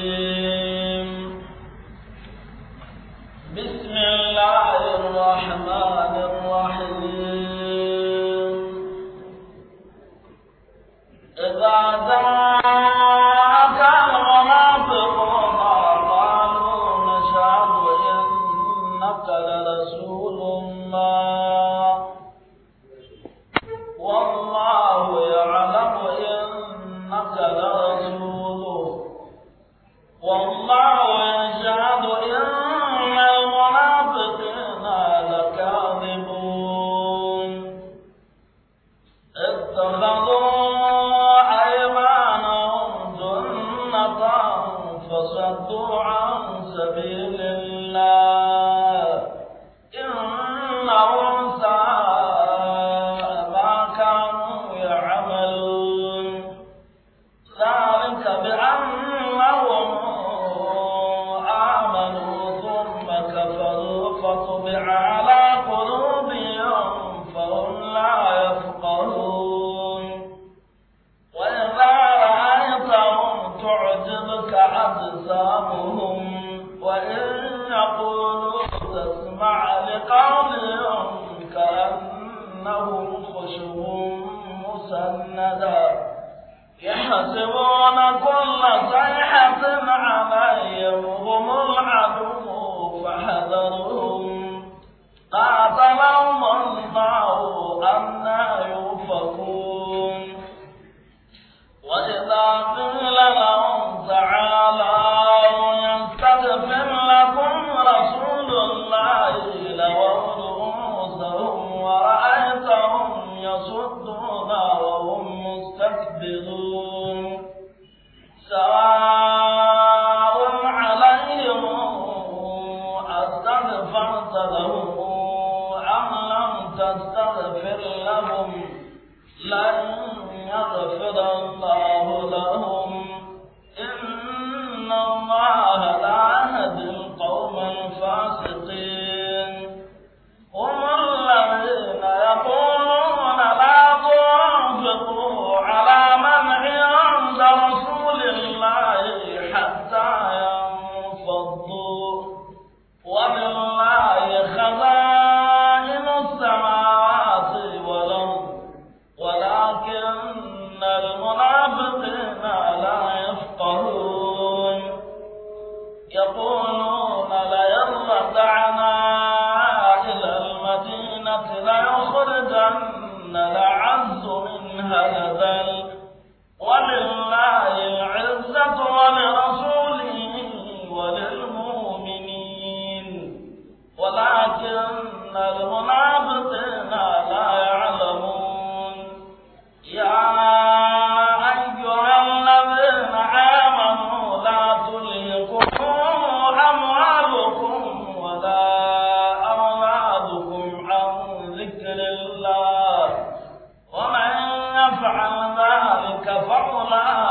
Thank you. Allah.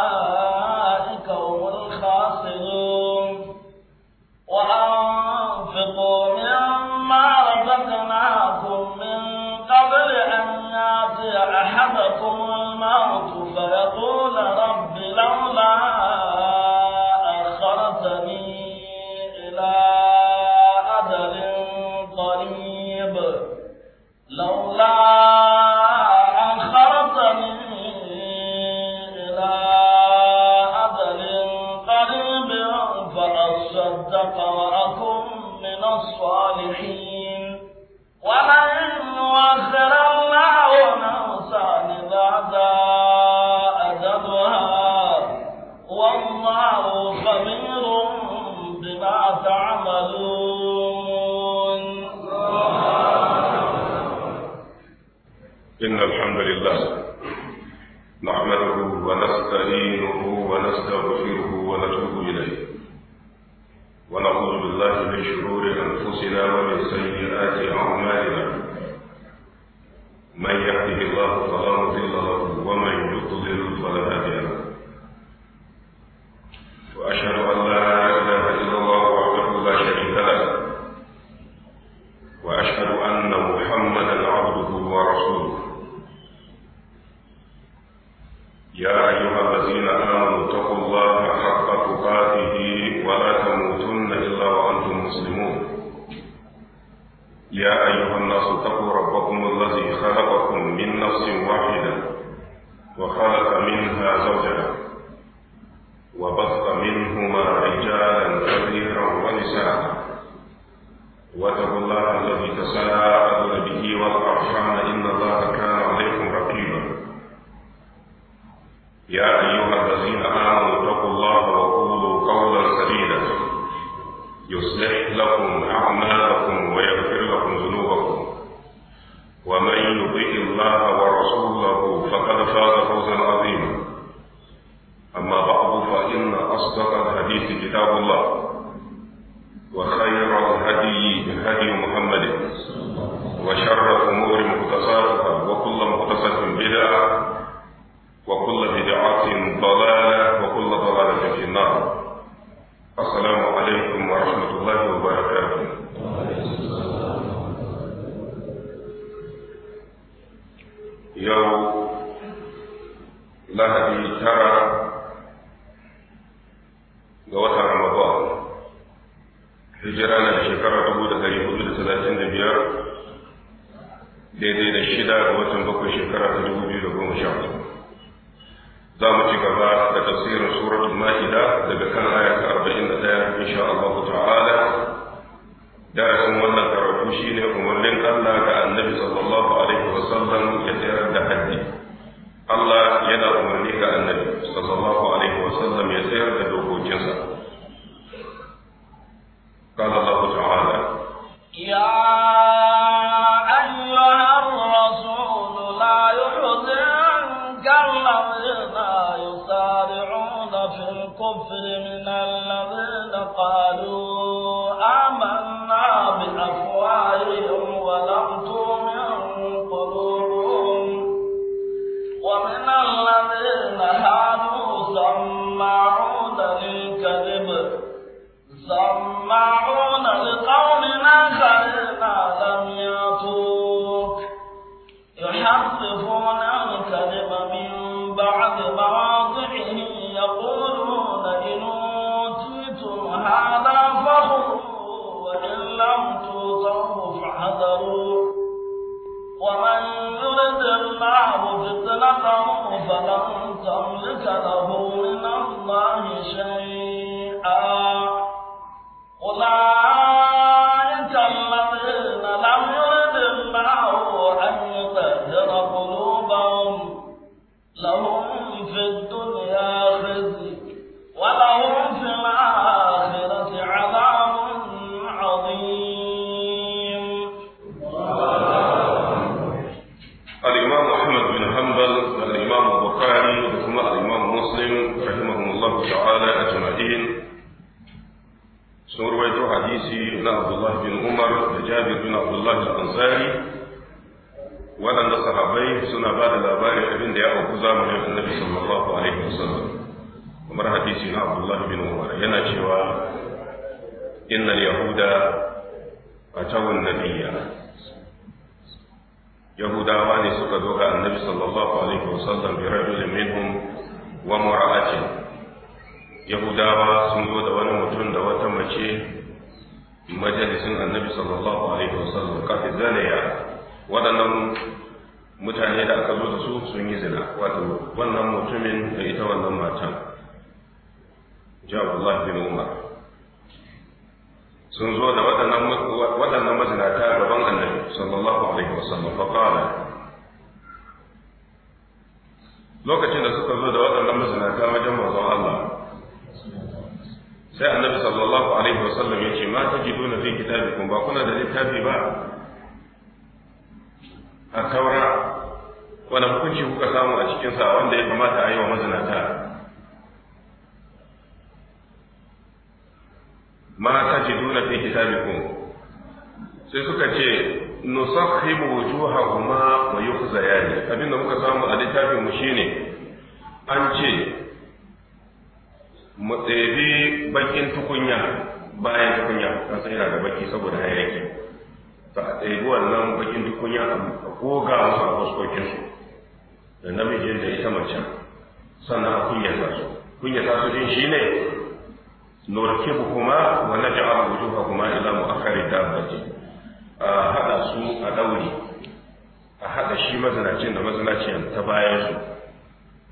shi mazinacin da mazinaciyar ta bayan su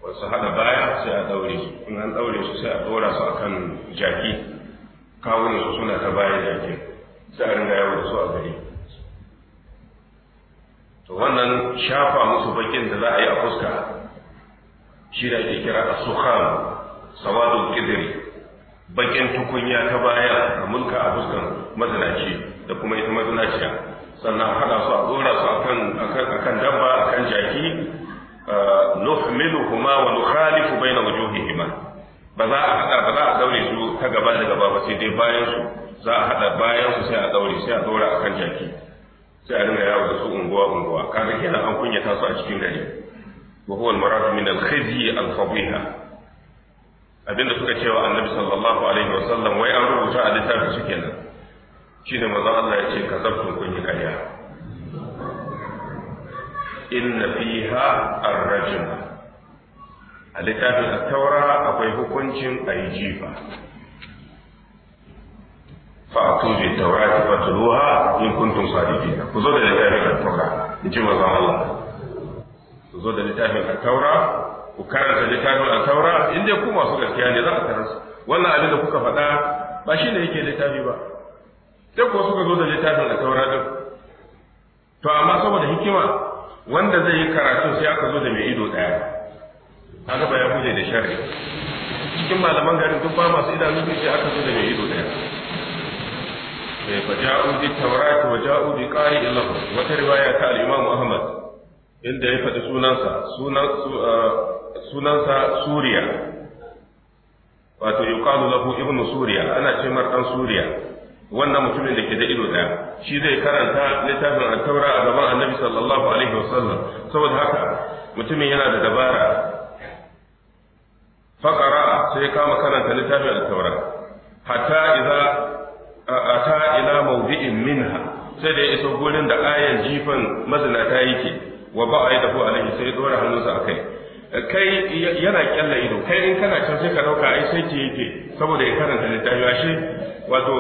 wasu haɗa baya sai a daure, in an daure su sai a ɗora su akan jaki kawunan su suna ta bayan jaki sai a ringa yawo da su a gari to wannan shafa musu bakin da za a yi a fuska shi da ake kira a sukham sawadu kidri bakin tukunya ta baya a mulka a fuskan mazinaci da kuma ita mazinaciya sannan a haɗa su a ɗora su a kan dabba a kan jaki eh, nuhmiluhuma wa nukhalifu baina wujuhihima ba za a haɗa ba za a daure su ta gaba da gaba ba sai dai bayan su za a haɗa bayan su sai a daure sai a ɗora a kan jaki sai a dinga yawo da su unguwa unguwa kaga kenan an kunyata su a cikin gari wa huwa al-marad min al-khizyi al-fadiha abinda suka cewa annabi sallallahu alaihi wa sallam wai an rubuta a littafin su kenan ne maza Allah ya ce zafin kun yi karya inna fiha ar-rajm a littafin taura akwai hukuncin yi jifa fa atubi tawrati fatluha in kuntum sadiqin ku zo da littafin a taura in ji maza Allah ku zo da littafin a taura ku karanta littafin a taura in dai ku masu gaskiya ne za a karanta wannan abin da kuka faɗa ba shi ne yake littafi ba sai kuma suka zo da littafin da taura din to amma saboda hikima wanda zai yi karatu sai aka zo da mai ido daya kaga bayan ya kuje da sharri cikin malaman garin duk ba masu idanu biyu sai aka zo da mai ido daya sai eh, fa ja'u bi tawrat wa ja'u bi qari'in lahu wata riwaya ta al-imam Muhammad inda ya faɗi sunansa sunan ah, sunansa Suriya wato yuqalu lahu ibnu Suriya ana ce mar dan Suriya wannan mutumin da ke da ido daya shi zai karanta littafin al-taura a gaban annabi sallallahu alaihi wasallam saboda haka mutumin yana da dabara faqara sai kama karanta littafin al-taura hatta idza ata ila mawdi'in minha sai da ya iso gurin da ayan jifan mazinata yake wa dafu a alaihi sai dora hannunsa akai kai yana kyalla ido kai in kana can sai ka dauka ai sai ke yake saboda ya karanta littafi ashe wato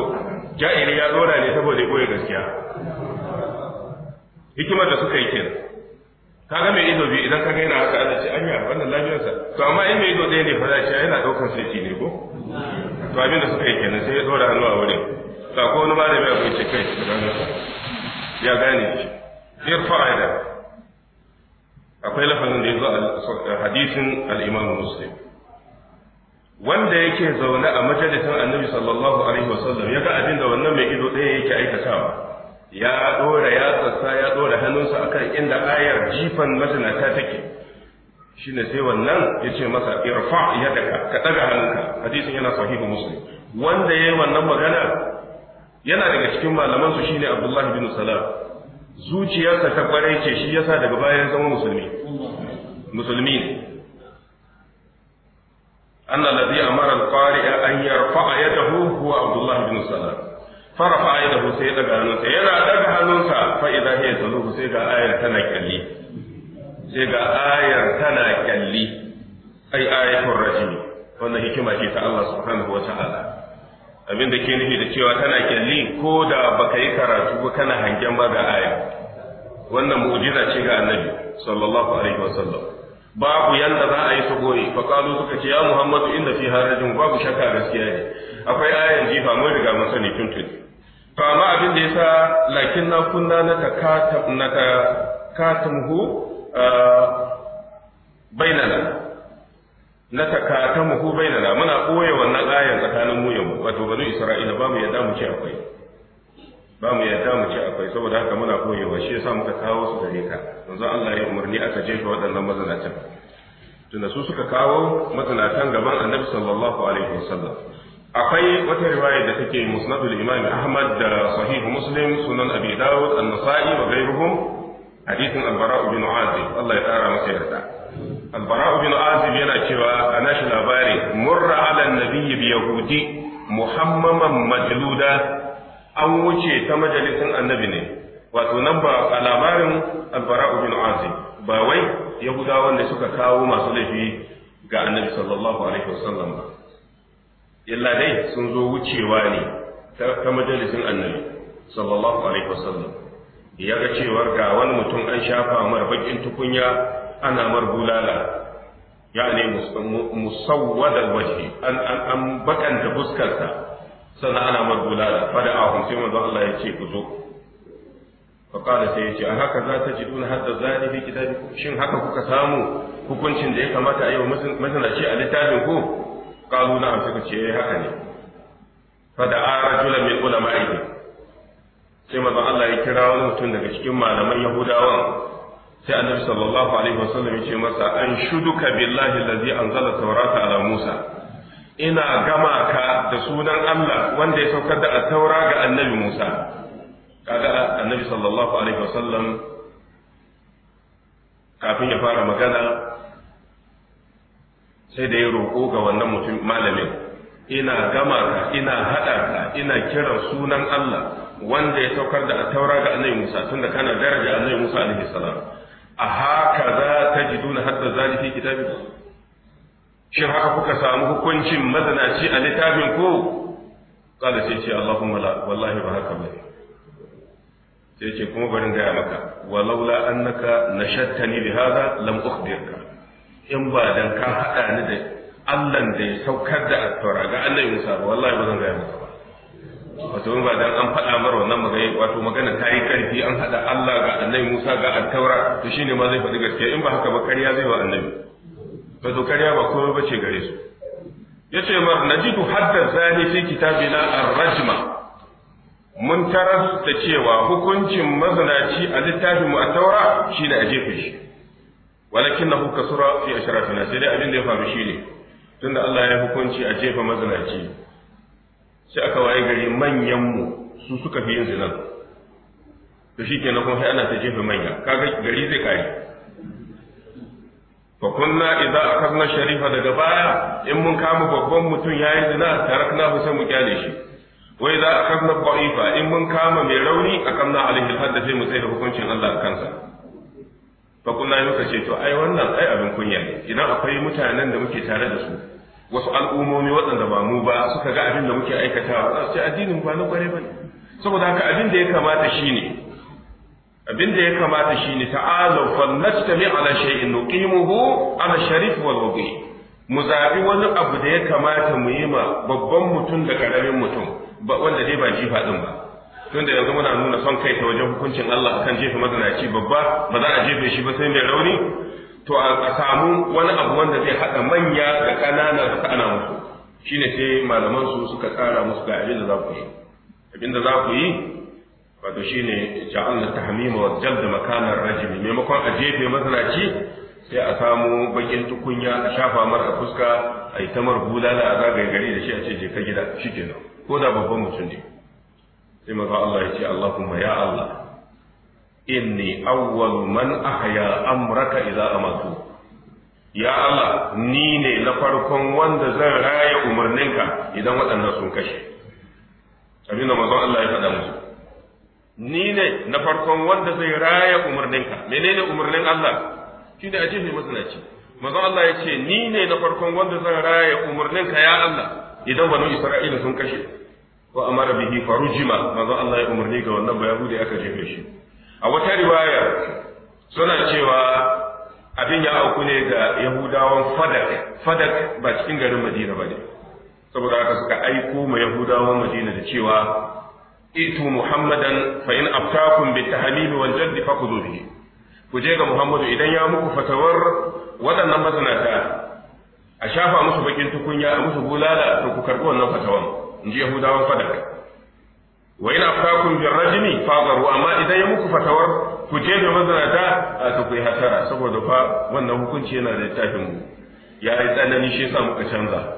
ja'iri ya zora ne saboda ya koya gaskiya hikimar da suka yi ka ga mai ido bi idan ka ga yana haka a ce anya wannan lafiyarsa to amma in mai ido ɗaya ne fa za yana ɗaukar sai ne ko to abin da suka yi kenan sai ya zora hannu a wurin to ko wani malami abin ce kai ya gane shi fa'ida akwai lafazin da ya zo a hadisin al-Imam Muslim wanda yake zaune a majalisar annabi sallallahu alaihi wasallam ya ga abin da wannan mai ido ɗaya yake aikatawa ya ɗora ya yatsarsa ya ɗora hannunsa a kan inda ayar jifan mazinata take shine sai wannan ya ce masa irfa yadaka ka ɗaga hannunka hadisin yana sahihu muslim wanda ya yi wannan magana yana daga cikin malaman su shine abdullahi bin salam zuciyarsa ta kwarai ce shi yasa daga bayan zama musulmi musulmi ne أن الذي أمر القارئ أن يرفع يده هو عبد الله بن سلام فرفع يده سيدة قانوسا يرى دقى هنوسا فإذا هي تلوه سيدة آية تنكلي سيدة آية تنكلي أي آية الرجيم wannan hikima ce ta Allah subhanahu wa ta'ala abin da ke nufi da cewa tana kyalli ko da baka yi karatu ba kana hangen ba ga aya wannan mu'jiza ce ga annabi sallallahu alaihi wa sallam babu yanda za a yi su goye fa kalu suka ce ya muhammadu inna fi harajin babu shakka gaskiya ne akwai ayan jifa mun riga mun sani tuntun to amma abin da yasa lakin na kunna na ta na takatamhu bainana na takatamuhu bainana muna koye wannan ayan tsakanin mu yau wato bani isra'ila ba mu yadda mu ce akwai ba mu yadda mu ce akwai saboda haka muna koyewa shi yasa muka kawo su gare ka yanzu Allah ya umarni aka jefa waɗannan mazanatan. tunda su suka kawo mazanatan gaban annabi sallallahu alaihi wasallam akwai wata riwaya da take musnadul imam ahmad da sahih muslim sunan abi dawud an-nasa'i wa ghayruhum hadithin al-bara bin azib Allah ya kara masa yarda al-bara bin azib yana cewa a shi labari murra ala an-nabiy bi yahudi muhammaman majluda an wuce ta majalisin annabi ne wato nan ba a labarin albara'u bin azim ba wai yahudawan wanda suka kawo masu laifi ga annabi sallallahu alaihi wasallam ba illa dai sun zo wucewa ne ta majalisin annabi sallallahu alaihi wasallam ya ga cewar ga wani mutum an shafa mar bakin tukunya ana mar bulala ne musawwadal wajhi an an bakanta fuskarsa sannan ana mar bulala fada ahun sai manzo Allah ya ce ku zo fa qala sai yace an haka za ta ji jidun hadda zani fi kitabikum shin haka kuka samu hukuncin da ya kamata a yau masalaci a littafin ku qalu na suka ce eh, haka ne fada rajulan min ulama'i sai manzo Allah ya kira wani mutum daga cikin malaman Yahudawan sai annabi sallallahu alaihi wasallam ya ce masa an shuduka billahi allazi anzala tawrata ala Musa ina gama ka da sunan Allah wanda ya saukar da taura ga annabi Musa kaga annabi sallallahu alaihi wasallam kafin ya fara magana sai da ya roƙo ga wannan mutum malamin ina gama ka ina haɗa ka ina kiran sunan Allah wanda ya saukar da taura ga annabi Musa tunda kana daraja annabi Musa alaihi salam a haka za ta ji hadda zalifi kitabi shin haka kuka samu hukuncin mazanaci a littafin ko kala sai ce Allahumma la wallahi ba haka bane sai ce kuma barin gaya maka Wa walaula annaka nashattani bi hadha lam ukhbirka in ba dan ka hada ni da Allah da ya saukar da at ga Annabi Musa ba wallahi ba zan gaya maka ba wato in ba dan an faɗa mar wannan magana wato magana ta yi karfi an hada Allah ga Annabi Musa ga at to shine ma zai faɗi gaskiya in ba haka ba ƙarya zai wa Annabi wato ƙarya ba kuma ba ce gare su ya ce mar najidu hadda zahi fi kitabina ar-rajma mun tarar da cewa hukuncin mazinaci a littafin mu a taura shine a jefe shi walakin na kasura fi ashrafina sai dai abin da ya faru shine tunda Allah ya hukunci a jefa mazinaci sai aka waye gari manyan mu su suka fi yin zinan to shikenan kuma sai ana ta jefa manya kaga gari zai kare fa kunna idza akazna sharifa daga baya in mun kama babban mutum yayi zina tarakna sai mu kyale shi wa idza akazna dha'ifa in mun kama mai rauni akamna alaihi alhadda sai mu tsaya hukuncin Allah kansa fa kunna yau ce to ai wannan ai abin kunya idan akwai mutanen da muke tare da su wasu al'ummomi waɗanda ba mu ba suka ga abin da muke aikatawa za su ce addinin ba na kware ba ne saboda haka abin da ya kamata shine abin da ya kamata shine ta'alu fal najtami ala shay'in nuqimuhu ala sharif wal wadi mu zabi wani abu da ya kamata mu yi ma babban mutum da karamin mutum ba wanda dai ba jifa din ba tunda yanzu muna nuna son kai ta wajen hukuncin Allah kan jefa mazinaci babba ba za a jefe shi ba sai mai rauni to a samu wani abu wanda zai haɗa manya da ƙanana da ta musu shine sai malaman su suka tsara musu ga abin da za ku yi abin da za ku yi wato shine ja'alna tahmima wa jald makanar rajimi maimakon a jefe masalaci sai a samu bakin tukunya a shafa mar a fuska a yi tamar bulala a zagaye gari da shi a ce je ka gida shikenan ko da babban mutum ne sai maza Allah ya ce Allahumma ya Allah inni awwal man ahya amraka idza amatu ya Allah ni ne na farkon wanda zan raya umarninka idan waɗannan sun kashe abinda manzon Allah ya faɗa musu ni ne na farkon wanda zai raya umarninka menene umarnin Allah shi da ajefe masalaci manzon Allah ya ce ni ne na farkon wanda zai raya umarninka ya Allah idan banu Isra'ila sun kashe wa amara bihi farujima manzon Allah ya umarni ga wannan bayahudi aka jefe shi a wata riwaya suna cewa abin ya auku ne ga yahudawan fadak fadak ba cikin garin madina ba ne saboda haka suka aiko ma yahudawan madina da cewa itu muhammadan fa in aftakum bit tahmim wal jadd fakhudhu ku je ga muhammadu idan ya muku fatawar waɗannan masanata a shafa musu bakin tukunya a musu bulala to ku karɓi wannan fatawan in ji yahudawan fadak wa in aftakum bir rajmi fagaru amma idan ya muku fatawar ku je ga masanata to ku yi hasara saboda fa wannan hukunci yana da littafin mu ya yi tsanani shi ya sa muka canza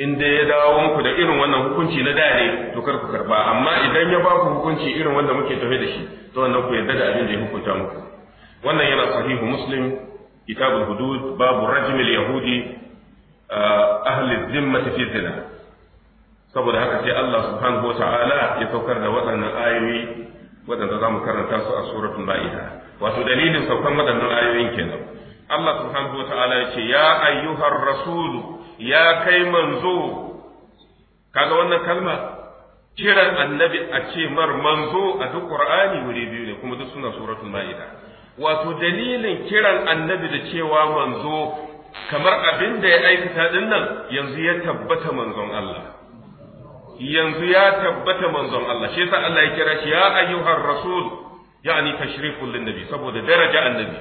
in dai ya dawo muku da irin wannan hukunci na da ne to kar ku karba amma idan ya ba ku hukunci irin wanda muke tafe da shi to wannan ku yarda da abin da ya hukunta muku wannan yana sahihu muslim kitabul hudud babu rajmil yahudi ah, ahli zimmati fi zina saboda haka sai Allah subhanahu wa ta'ala ya saukar da waɗannan ayoyi waɗanda za mu karanta su a suratul ma'ida wato dalilin saukan waɗannan ayoyin kenan Allah subhanahu wa ta'ala ya ce ya ayyuhar rasulu ya kai manzo kaga wannan kalma kiran annabi a ce mar manzo a duk qur'ani wuri biyu ne kuma duk suna suratul maida wato dalilin kiran annabi da cewa manzo kamar abin da ya aikata din nan yanzu ya tabbata manzon Allah yanzu ya tabbata manzon Allah shi yasa Allah ya kira shi ya ayyuhar rasul yani tashrifun lin nabi saboda daraja annabi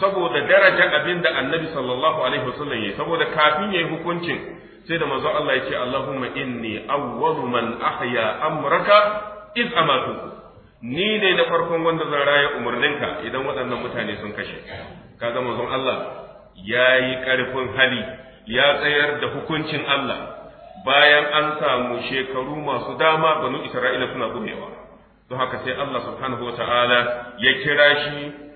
saboda daraja abin da annabi sallallahu alaihi wasallam yayi saboda kafin yayi hukuncin sai da mazo Allah yake Allahumma inni awwalu man ahya amraka id amatu ni ne na farkon wanda zan raya umarninka idan waɗannan mutane sun kashe kaga manzon Allah yayi karfin hali ya tsayar da hukuncin Allah bayan an samu shekaru masu dama banu Isra'ila suna gumewa don haka sai Allah subhanahu wa ta'ala ya kira shi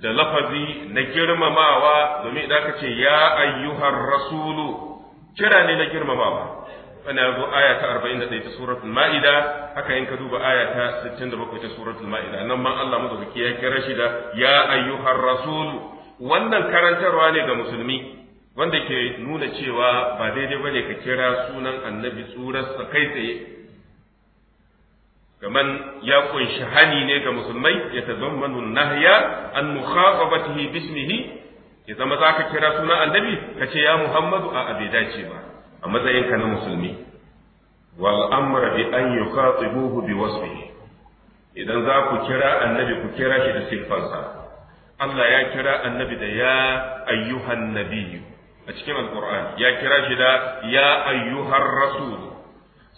da lafazi na girmamawa domin idan ka ce ya ayyuhar rasulu kira ne na girmamawa wani ya zo aya ta 41 ta suratul ma'ida haka in ka duba aya ta 67 ta suratul ma'ida nan ma Allah mu madaukaki ya kira shi da ya ayyuhar rasulu wannan karantarwa ne ga musulmi wanda ke nuna cewa ba daidai bane ka kira sunan annabi tsurarsa kai tsaye kaman ya ƙunshi hani ne ga musulmai ya tazammanu nahya an mukhatabatihi bismihi ya zama zaka kira suna annabi ka ce ya muhammadu a abe dace ba a matsayin ka na musulmi wal amra bi an yukhatibuhu bi wasfihi idan za ku kira annabi ku kira shi da siffansa Allah ya kira annabi da ya ayyuhan nabiyyu a cikin alqur'ani ya kira shi da ya ayyuhan rasul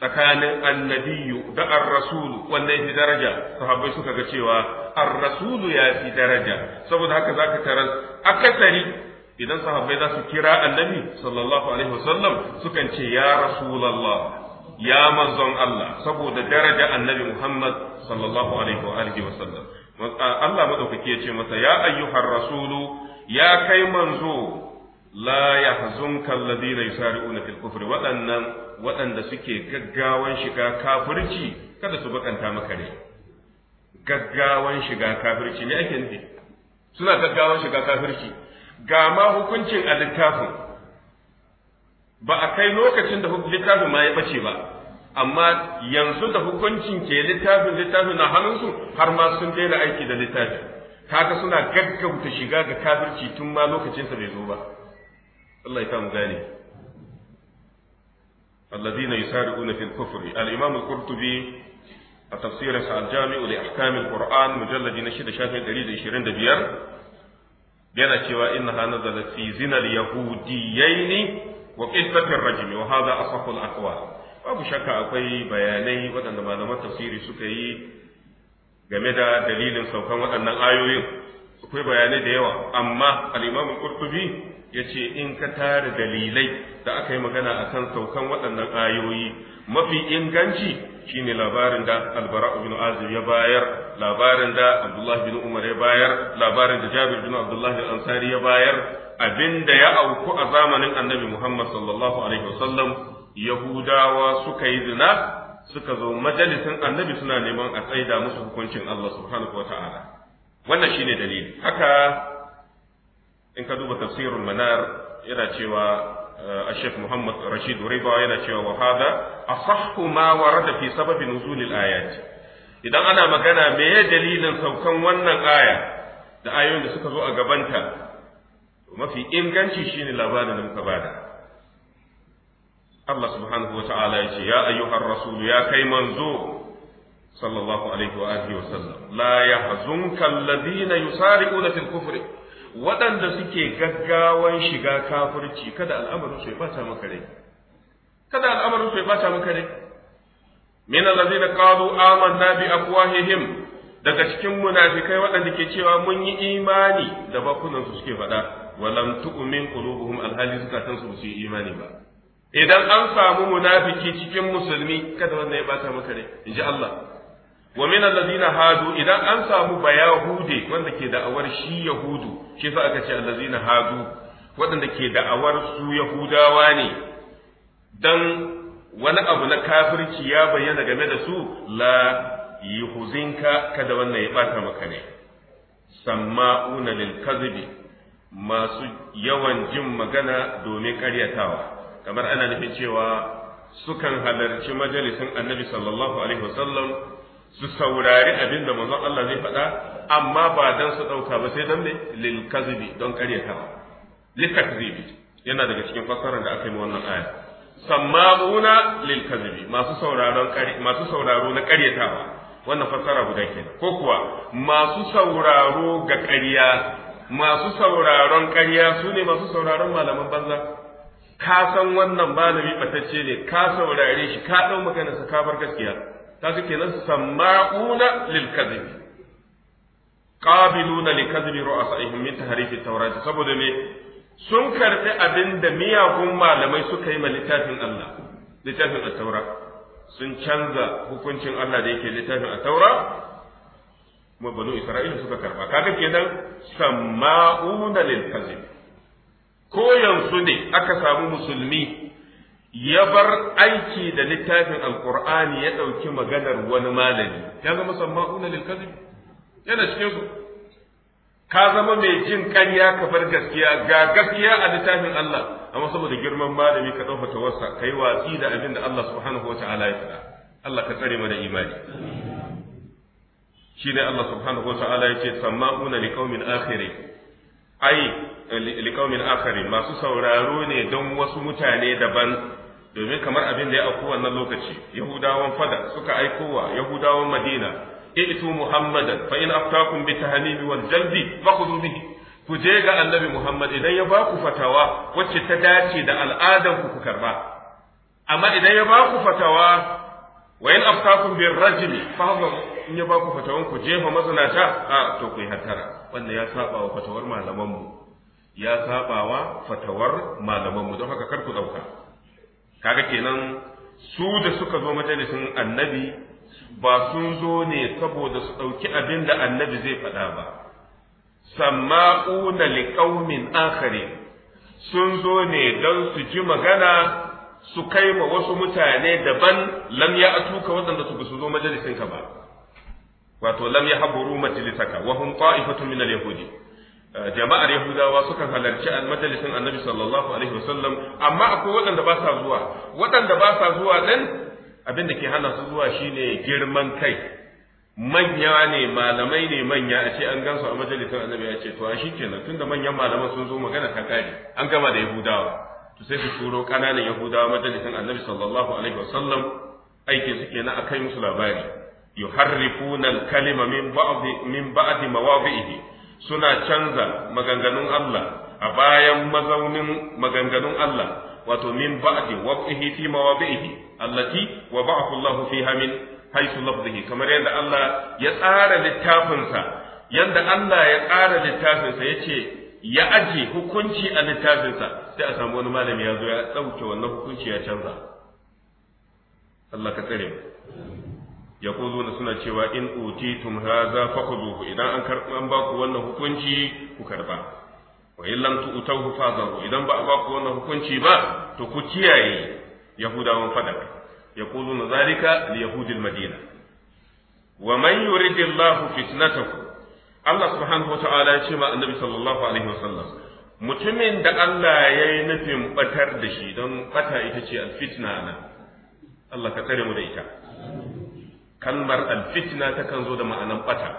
tsakanin annabiyu da ar-rasulu wanda ya fi daraja sahabbai suka ga cewa ar-rasulu ya fi daraja saboda haka zaka tarar akasari idan sahabbai za su kira annabi sallallahu alaihi wasallam sukan ce ya rasulullah ya manzon Allah saboda daraja annabi Muhammad sallallahu alaihi wa alihi wasallam Allah madaukake ya ce masa ya ayyuhar rasulu ya kai manzo la yahzunka alladhina yusari'una fil kufr waɗannan waɗanda suke gaggawan shiga kafirci kada su bakanta maka ne gaggawan shiga kafirci ne ake nufi suna gaggawan shiga kafirci ga ma hukuncin a littafin ba a kai lokacin da littafin ma ya bace ba amma yanzu da hukuncin ke littafin littafin na hannunsu har ma sun daina aiki da littafin kaga suna gaggauta shiga ga kafirci tun ma lokacinsa bai zo ba Allah ya mu gane الذين يسارعون في الكفر الإمام القرطبي التفسير الجامع لأحكام القرآن مجلد نشد شافي دليل 25 yana cewa innaha nazala fi zinal yahudiyyain wa qissatir rajm wa hadha asahul babu shakka akwai bayanai waɗanda malaman tafsiri suka yi game da dalilin saukan waɗannan ayoyin akwai bayanai da yawa amma al-imam al-qurtubi yace in ka tara dalilai da aka yi magana a kan saukan waɗannan ayoyi mafi inganci shine labarin da albara ibn azib ya bayar labarin da abdullah bin umar ya bayar labarin da jabir bin abdullah ansari ya bayar abinda ya auku a zamanin annabi muhammad sallallahu alaihi wasallam yahudawa suka yi zina suka zo majalisin annabi suna neman a tsaida musu hukuncin allah subhanahu wa ta'ala wannan shine dalili haka in ka duba tafsirul manar yana cewa الشيخ محمد رشيد رضا yana cewa wa hada asahhu ma warada fi sabab idan ana magana me ya dalilin saukan wannan aya da ayoyin da suka zo a gabanta mafi inganci shine labarin da muka bada Allah subhanahu wa ta'ala ya ce ya ayyuhar rasul ya kai manzo Sallallahu صلى wa عليه وآله وسلم لا يحزنك الذين يسارعون في الكفر waɗanda suke gaggawan shiga kafirci kada al'amarin su ya bata maka rai kada al'amarin su ya bata maka rai min allazina qalu amanna bi afwahihim daga cikin munafikai waɗanda ke cewa mun yi imani da bakunan su suke faɗa walam tu'min qulubuhum alhali zukatan su su yi imani ba idan an samu munafiki cikin musulmi kada wannan ya bata maka rai inji Allah wa min allazina hadu idan an samu bayahude wanda ke da'awar shi yahudu shi sa aka ce allazina hadu waɗanda ke da'awar su yahudawa ne dan wani abu na kafirci ya bayyana game da su la yuhzinka kada wannan ya bata maka ne samma'una lil kadhibi masu yawan jin magana domin karyatawa kamar ana nufin cewa sukan halarci majalisin annabi sallallahu alaihi wasallam su saurari abin da manzon Allah zai faɗa amma ba dan su ɗauka ba sai dan ne lil kazibi don ƙaryatawa lil takzibi yana daga cikin fassarar da aka yi wannan aya samma'una lil kazibi masu sauraron masu sauraro na ƙaryatawa wannan fassara guda kenan ko kuwa masu sauraro ga ƙarya masu sauraron ƙarya su ne masu sauraron malaman banza ka san wannan malami batacce ne ka saurare shi ka ɗau maganarsa ka bar gaskiya Ta kaga kenan sama'una lil kadhibi qabiluna li kadhibi ru'asaihim min tahrif at saboda me sun karɓi abin da miyagun malamai suka yi ma littafin Allah littafin at-taura sun canza hukuncin Allah da yake littafin at-taura kuma banu Isra'ila suka karba kaga kenan sama'una lil kadhibi ko yanzu ne aka samu musulmi ya bar aiki da littafin alkur'ani ya ɗauki maganar wani malami ya zama sama'una lil kadhib yana cikin su ka zama mai jin ƙarya ka bar gaskiya ga gaskiya a littafin Allah amma saboda girman malami ka ɗauka tawassa kai watsi da abin da Allah subhanahu wataala ya faɗa Allah ka tsare mana imani shine Allah subhanahu wataala yace, sama'una liqaumin akhirin ai liqaumin akhirin masu sauraro ne don wasu mutane daban domin kamar abin da ya auku wannan lokaci yahudawan fada suka aiko wa yahudawan madina i'tu muhammadan fa in aftakum bi tahmimi wal jaldi fakhudhu bihi ku je ga annabi muhammad idan ya ba ku fatawa wacce ta dace da al'adan ku ku karba amma idan ya ba ku fatawa wa in aftakum bir rajuli fahdhu in ya ba ku fatawan ku jefa mazinata a to ku yi hattara wannan ya saba wa fatawar malaman mu ya saba wa fatawar malaman mu don haka kar ku dauka kaga kenan su da suka zo majalisin annabi ba sun zo ne saboda su ɗauki abin da annabi zai faɗa ba samma'una liqaumin akhari sun zo ne don su ji magana su kai ma wasu mutane daban lam ya atuka waɗanda su su zo majalisinka ba wato lam ya haburu majalisaka wa hum ta'ifatun min al-yahudi jama'ar yahudawa sukan halarci majalisin annabi sallallahu alaihi wasallam amma akwai waɗanda ba sa zuwa waɗanda ba sa zuwa ɗin abin da ke hana su zuwa shine girman kai manya ne malamai ne manya a ce an gansu a majalisar annabi ya ce to a shi kenan tunda manyan malaman sun zo magana ta kare an gama da yahudawa to sai su turo ƙananan yahudawa majalisar annabi sallallahu alaihi wasallam aikin su a akai musu labari yuharrifuna al-kalima min ba'd min ba'd mawadi'ihi suna canza maganganun Allah a bayan mazaunin maganganun Allah wato min ba'di waqihi fi mawadi'ihi allati waba'ahu Allah fiha min haythu lafzihi kamar yadda Allah ya tsara littafinsa yadda Allah ya tsara littafinsa yace ya aje hukunci a littafinsa sai a samu wani malami ya zo ya dauke wannan hukunci ya canza Allah ka tsare mu yaquluna suna cewa in utitum hadha fakhuduhu idan an karba an baku wannan hukunci ku karba wa in lam tu'tahu fadaru idan ba a baku wannan hukunci ba to ku kiyaye yahudawan fadak yaquluna zalika li yahudil madina wa man yuridillahu fitnatahu Allah wa ce ma annabi sallallahu alaihi mutumin da Allah ya yi nufin batar da shi don bata ita ce alfitna na Allah ka tsare mu da ita kalmar alfitna ta kan zo da ma'anan bata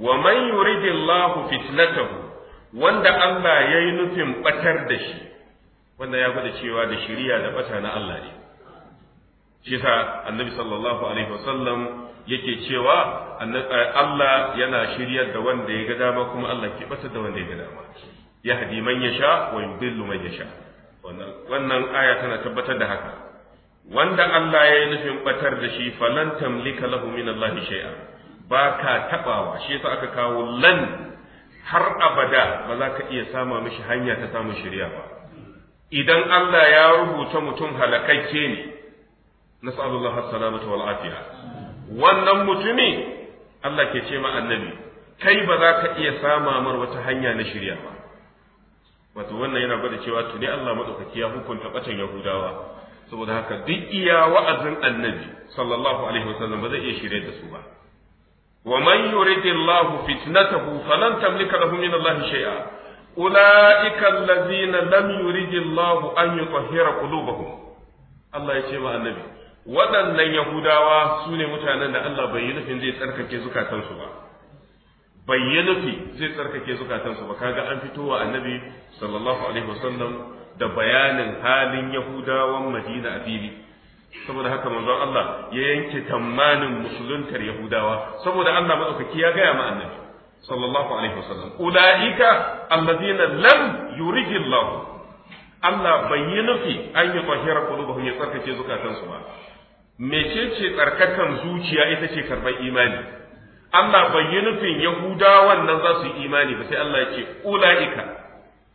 wa man yuridillahu fitnatahu wanda Allah yayi nufin batar da shi wanda ya gwada cewa da shiriya da bata na Allah ne shi sa annabi sallallahu alaihi wasallam yake cewa eh, Allah yana shiryar da wanda ya ga dama kuma Allah ke batar da wanda ya ga dama yahdi man yasha wa yudillu man yasha wannan wannan aya tana tabbatar da haka wanda Allah ya yi nufin batar da shi falan tamlika lahu min Allah shay'a ba ka tabawa shi yasa aka kawo lan har abada ba za ka iya sama mishi hanya ta samun shari'a ba idan Allah ya rubuta mutum halakakke ne nas'alullah as-salamata wal afiya wannan mutumi Allah ke ce ma annabi kai ba za ka iya sama mar wata hanya na shari'a ba wato wannan yana gwada cewa tuni Allah madaukaki ya hukunta batan Yahudawa saboda haka duk iya wa'azin annabi sallallahu alaihi wasallam ba zai iya shirye da su ba wa man yuridillahu fitnatahu falan tamlika lahu min Allah shay'a ulaika allazina lam yuridillahu an yutahhira qulubahum Allah ya ce ma annabi waɗannan yahudawa su ne mutanen da Allah bai yi nufin zai tsarkake zukatansu ba bai yi nufi zai tsarkake zukatansu ba kaga an fito wa annabi sallallahu alaihi wasallam da bayanin halin yahudawan madina a fili saboda haka manzon Allah ya yanke tamanin musuluntar yahudawa saboda Allah madaukaki ya gaya ma annabi sallallahu alaihi wasallam ulaika alladhina lam yuridi Allah Allah bai yi nufi an yi tahira qulubuhum ya tsarkake zukatansu ba mecece tsarkakan zuciya ita ce karbar imani Allah bai yi nufin yahudawan nan za su yi imani ba sai Allah ya ce ulaika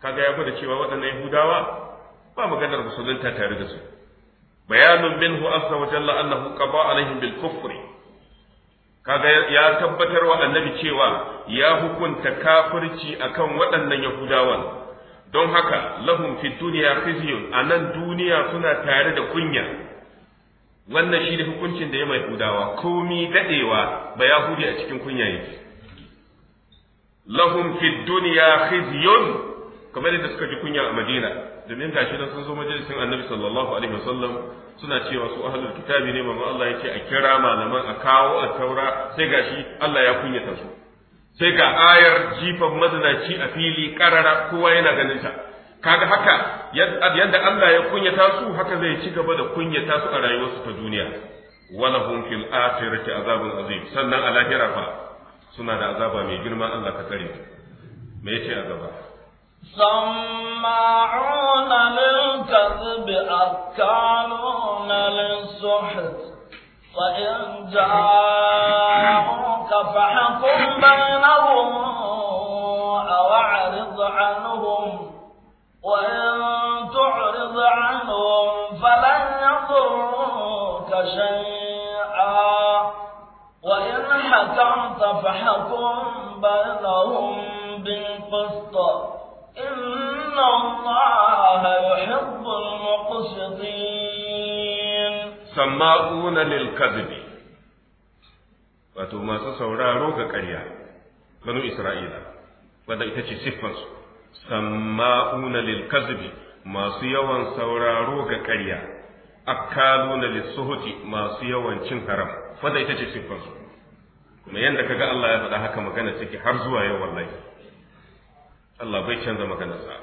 kaga ya gwada cewa waɗannan yahudawa ba maganar musulunta tare da su bayanun minhu azza wa jalla annahu qada alaihim bil kufr kaga ya tabbatar wa annabi cewa ya hukunta kafirci akan waɗannan yahudawan don haka lahum fi dunya khizyun anan duniya suna tare da kunya wannan shi da hukuncin da ya mai hudawa komi dadewa ba yahudi a cikin kunya yake lahum fi dunya khizyun kamar yadda suka ji kunya a madina domin gashi nan sun zo majalisin annabi sallallahu alaihi wasallam suna cewa su ahlul kitabi ne manzo Allah yake a kira malaman a kawo a taura sai gashi Allah ya ta su sai ga ayar jifan madanaci a fili karara kowa yana ganin ta kaga haka yadda Allah ya kunyata su haka zai ci gaba da kunyata su a rayuwarsu ta duniya hum fil akhirati azabun azim sannan a lahira fa suna da azaba mai girma Allah ka tsare me yace a سماعون للكذب أكالون للسحت فإن جاءوك فحكم بينهم أو أعرض عنهم وإن تعرض عنهم فلن يضروك شيئا وإن حكمت فحكم بينهم بالقسط إن lil kazibi wato masu sauraro ga ƙarya banu isra'ila wadda ita ce siffansu samma'una lil kazibi masu yawan sauraro ga ƙarya akaluna lil lissuhuti masu yawan cin haram wadda ita ce siffansu kuma yadda kaga Allah ya faɗa haka magana take har zuwa yau wallahi Allah bai canza maganarsa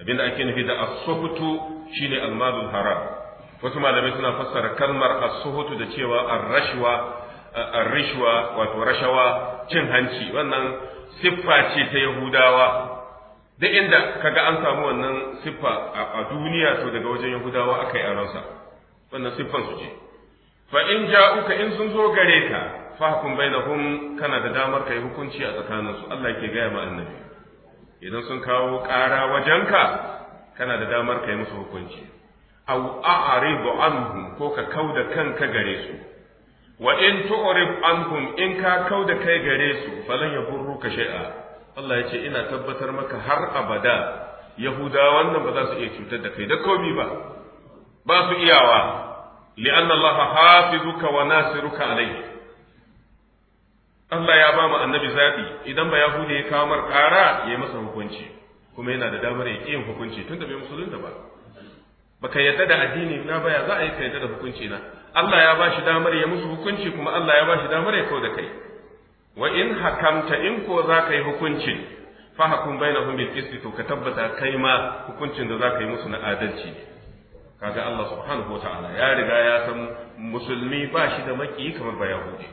abinda ake nufi da as suhutu shine al-malul haram wasu malamai suna fassara kalmar as suhutu da cewa ar-rashwa ar-rishwa wato rashawa cin hanci wannan siffa ce ta yahudawa Duk inda kaga an samu wannan siffa a duniya to daga wajen yahudawa aka yi aronsa wannan siffan su ce fa in ja'uka in sun zo gare ka hukum bainahum kana da damar kai hukunci a tsakaninsu Allah ke gaya ma annabi idan sun kawo ƙara wajenka kana da damar ka yi musu hukunci aw a'ridu anhum ko ka kauda kanka gare su wa in tu'rib anhum in ka kauda kai gare su falan yaburruka shay'a Allah ya ce ina tabbatar maka har abada Yahudawa wannan ba za su iya cutar da kai da komi ba ba su iyawa li'anna Allah hafizuka wa nasiruka alayhi Allah ya ba mu annabi zaɓi idan ba Yahuda ya kawo mar ƙara ya yi masa hukunci kuma yana da damar ya ƙi yin hukunci tun da bai musulunta ba baka yadda da addini na baya za a yi ka yadda da hukunci na Allah ya ba shi damar ya musu hukunci kuma Allah ya ba shi damar ya kau da kai wa in hakamta in ko za ka yi hukunci fa hakum bainahum bil qist to ka tabbata kai ma hukuncin da za ka yi musu na adalci ne kaga Allah subhanahu wa ta'ala ya riga ya san musulmi ba shi da makiyi kamar ba yahudi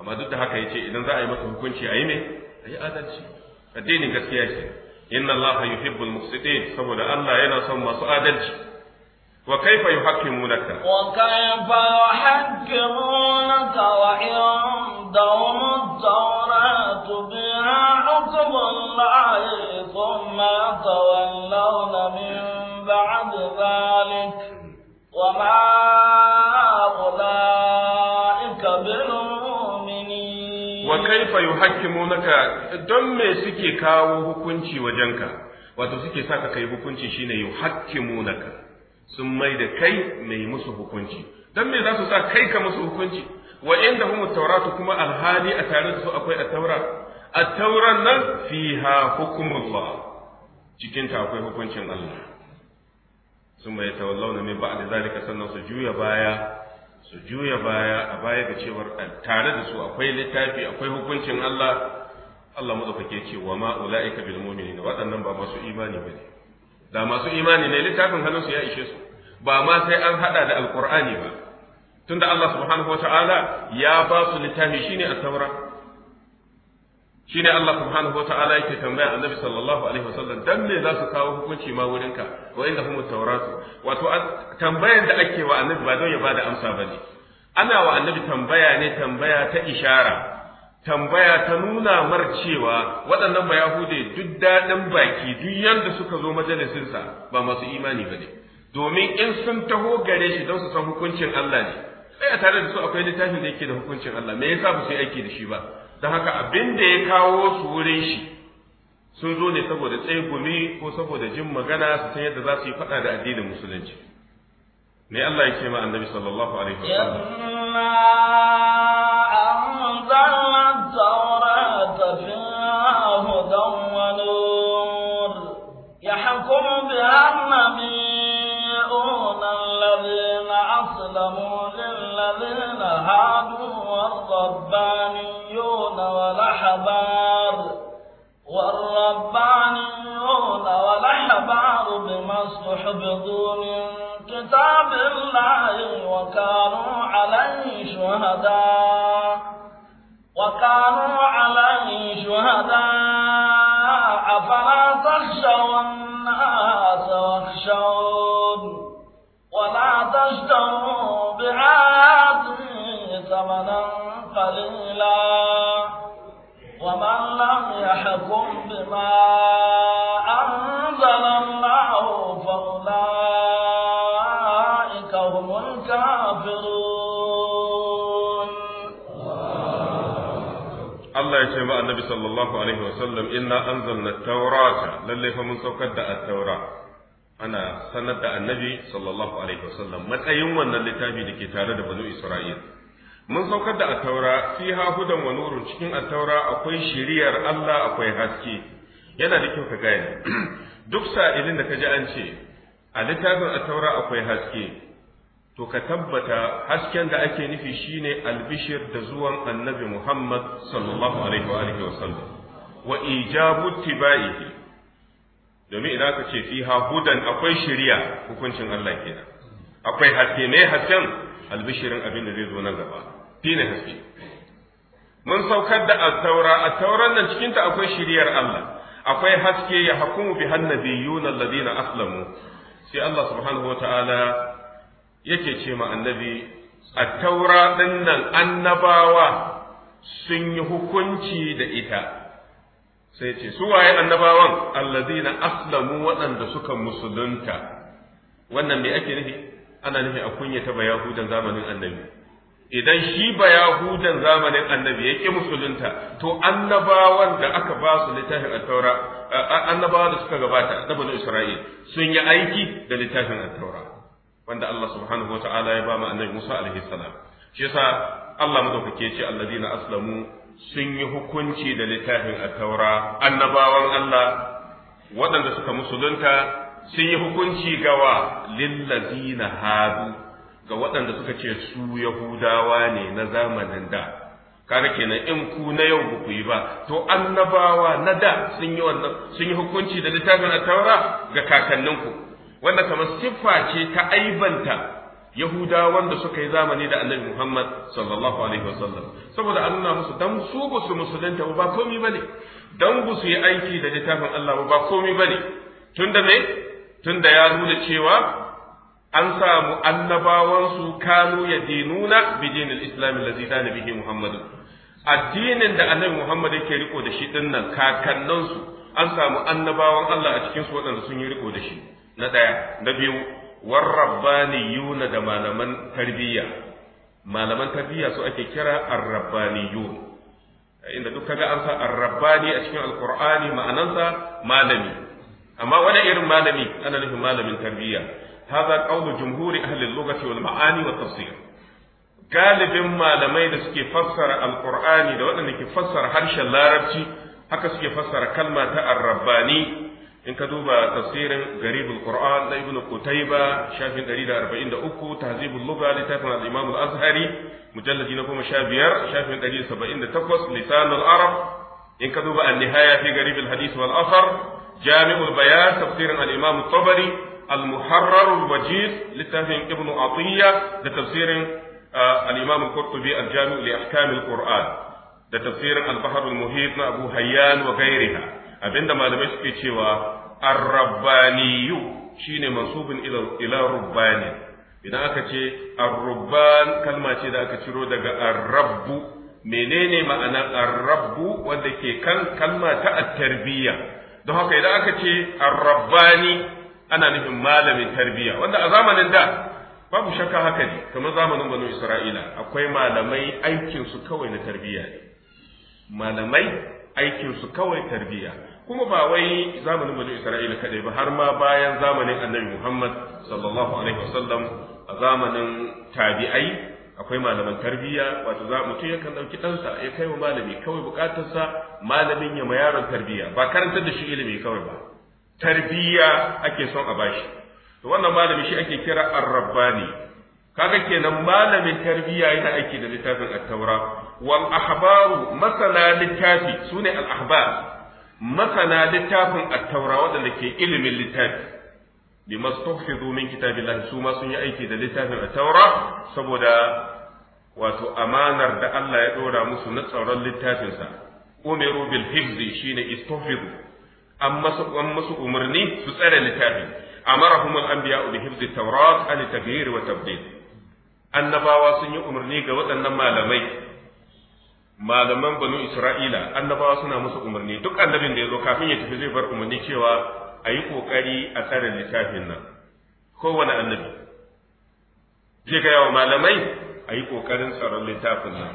amma duk da haka yace idan za a yi hukunci a yi ne a yi adalci addinin gaskiya ce inna Allah yuhibbul muqsitin saboda Allah yana son masu adalci wa kaifa yuhakkimunaka wa kaifa yuhakkimunaka wa indahum at-tauratu biha hukmullahi thumma yatawallawna min ba'd dhalik wa ma yuhakkimunaka don me suke kawo hukunci wajenka wato suke saka kai hukunci shine yuhakkimunaka sun mai da kai mai musu hukunci don me za su sa kai ka musu hukunci wa inda humu tauratu kuma alhali a tare da su akwai at-taura at taura nan fiha hukumullah cikin ta akwai hukuncin Allah sun bai ne min ba'da zalika sannan su juya baya su juya baya a baya ga cewar tare da su akwai littafi akwai hukuncin Allah Allah madaukake ce wa ma ulaika bil mu'minin waɗannan ba masu imani bane da masu imani ne littafin hannunsu ya ishe su ba ma sai an hada da alqur'ani ba tunda Allah subhanahu wataala ya ba su littafi shine at-taura shine Allah subhanahu wata'ala yake tambaya annabi sallallahu alaihi wasallam dan me za su kawo hukunci ma wurinka wa inda humu tawratu wato tambayar da ake wa annabi ba don ya bada amsa bane ana wa annabi tambaya ne tambaya ta ishara tambaya ta nuna mar cewa waɗannan ba duk daɗin baki duk yanda suka zo majalisinsa ba masu imani bane domin in sun taho gare shi don su san hukuncin Allah ne sai a tare da su akwai littafin da yake da hukuncin Allah me yasa ba su yi aiki da shi ba Da haka abin da ya kawo su wurin shi sun zo ne saboda tsegumi ko saboda jin magana su san yadda za su yi faɗa da addinin musulunci me Allah ya ce ma annabi sallallahu alaihi wasallam أسلموا للذين هادوا والربانيون والأحبار والربانيون والأحبار بما استحبطوا من كتاب الله وكانوا عليه شهداء وكانوا عليه شهداء أفلا تخشوا الناس واخشوا تشتروا بعهدي ثمنا قليلا ومن لم يحكم بما أنزل الله فأولئك هم الكافرون الله يجمع النبي صلى الله عليه وسلم إنا أنزلنا التوراة للي فمن سوكد التوراة ana sanar da annabi sallallahu alaihi wasallam matsayin wannan littafi da ke tare da banu isra'il mun saukar da ataura fi hudan wa nurun cikin ataura akwai shiriyar Allah akwai haske yana da kyau ka gane duk sa'ilin da ka ji an ce a littafin ataura akwai haske to ka tabbata hasken da ake nufi shine albishir da zuwan annabi Muhammad sallallahu alaihi wa alihi wa sallam wa ijabu tibaihi domin idan ka ce fiha hudan akwai shiriya hukuncin Allah kenan akwai haske ne hasken albishirin abin da zai zo nan gaba fi ne haske mun saukar da attaura attauran nan cikinta akwai shiriyar Allah akwai haske ya hukumu bi hannabiyuna alladhina aslamu sai Allah subhanahu wataala yake ce ma annabi attaura din nan annabawa sun yi hukunci da ita sai ce su waye annabawan allazina aslamu waɗanda suka musulunta wannan me ake nufi ana nufi a kunyata ba yahudan zamanin annabi idan shi ba yahudan zamanin annabi ya ƙi musulunta to annabawan da aka ba su littafin attaura annabawa da suka gabata na bani isra'il sun yi aiki da littafin attaura wanda Allah subhanahu wa ta'ala ya ba mu annabi Musa alaihi salam shi yasa Allah madaukake ce allazina aslamu sun yi hukunci da littafin at-taura annabawan Allah waɗanda suka musulunta sun yi hukunci gawa lillazina hadu ga waɗanda suka ce su yahudawa ne na zamanin da kare kenan in ku na yau ba ku yi ba to annabawa na da sun yi hukunci da littafin at-taura ga kakanninku wanda kamar siffa ce ta aibanta Yahuda wanda suka yi zamani da annabi muhammad sallallahu alaihi wasallam saboda an nuna musu dan su ba su musulunta ba komi bane dan ba su yi aiki da littafin allah ba komi bane tunda ne tunda ya nuna cewa an samu annabawansu kanu ya dinuna bidinil islam allazi dana bihi muhammad addinin da annabi muhammad yake riko da shi dinnan kakannansu an samu annabawan allah a cikin su waɗanda sun yi riko da shi na daya na biyu warrabbaniyuna da malaman tarbiyya malaman tarbiyya su ake kira arrabbaniyun inda duk kaga an sa a cikin alqur'ani ma'anansa malami amma wani irin malami ana nufin malamin tarbiyya hadha qawlu jumhuri ahli al-lughati wal ma'ani wa tafsir galibin malamai da suke fassara alqur'ani da waɗanda ke fassara harshen larabci haka suke fassara kalma ta arrabbani in ka duba tafsirin garibul qur'an na ibnu qutayba shafin 143 tahzibul lugha littafin al-imam al-azhari mujalladi na 15 shafin 178 lisanul arab in ka duba an-nihaya fi garibul hadith wal athar jami'ul bayan tafsirin al-imam at-tabari al-muharrar al-wajiz littafin ibnu atiyya da tafsirin ah, al-imam al-qurtubi al-jami' li quran da tafsirin al-bahr al-muhit na abu hayyan wa ghayriha abinda malamai suke cewa ar shine mansubun ila ila rubbani idan aka ce ar kalma ce da aka ciro daga ar menene ma'anar ar-rabbu wanda ke kan kalma ta at-tarbiyya don haka idan aka ce ar-rabbani ana nufin malamin tarbiyya wanda a zamanin da babu shakka haka ne kamar zamanin banu isra'ila akwai malamai aikinsu kawai na tarbiyya ne malamai aikinsu kawai tarbiyya kuma ba wai zamanin bani isra'ila kadai ba har ma bayan zamanin annabi muhammad sallallahu alaihi wasallam a zamanin tabi'ai akwai malaman tarbiyya wato za mutum yakan ɗauki ɗansa ya kai wa malami kawai bukatarsa malamin ya ma yaron tarbiyya ba karanta da shi ilimi kawai ba tarbiyya ake son a bashi to wannan malami shi ake kira ar-rabbani kaga kenan malamin tarbiyya yana aiki da littafin at-taura wal ahbaru masana littafi sune al ahbar masana littafin at-taura wadanda ke ilimin littafi bima stawfidu min kitabillah su ma sun yi aiki da littafin at-taura saboda wato amanar da Allah ya dora musu na tsaron littafinsa umiru bil hifzi shine istawfidu an masu an masu umarni su tsare littafin amarahum al anbiya bi hifzi at-taurat an taghyir wa tabdil annabawa sun yi umarni ga waɗannan malamai malaman banu isra'ila annabawa suna musu umarni duk annabin da ya zo kafin ya tafi zai bar umarni cewa a yi ƙoƙari a tsare littafin nan kowane annabi zai gaya wa malamai a yi ƙoƙarin tsaron littafin nan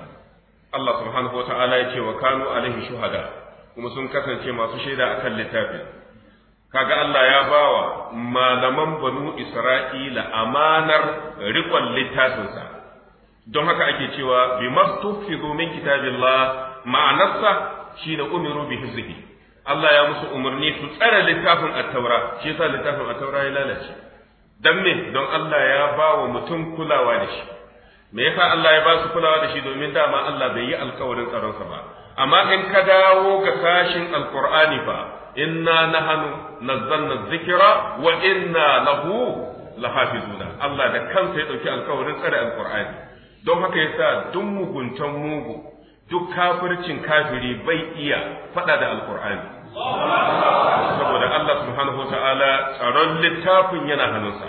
Allah subhanahu wa ta'ala ya ce wa kanu alaihi shuhada kuma sun kasance masu shaida a akan littafin kaga Allah ya bawa malaman banu Isra'ila amanar riƙon littafinsa don haka ake cewa bi mastufizu min kitabillah ma'anarsa shine umiru bi hizbi Allah ya musu umarni su tsare littafin at-taura shi yasa littafin at-taura ya lalace dan me don Allah ya ba wa mutum kulawa da shi me yasa Allah ya ba su kulawa da shi domin dama Allah bai yi alkawarin tsaronsa ba amma in ka dawo ga sashin alqur'ani fa inna nahnu nazzalna dhikra wa inna lahu lahafizuna Allah da kansa ya dauki alkawarin tsare alqur'ani don haka yasa duk muguntan mugu duk kafircin kafiri bai iya faɗa da alkur'ani saboda Allah subhanahu wataala tsaron littafin yana hannunsa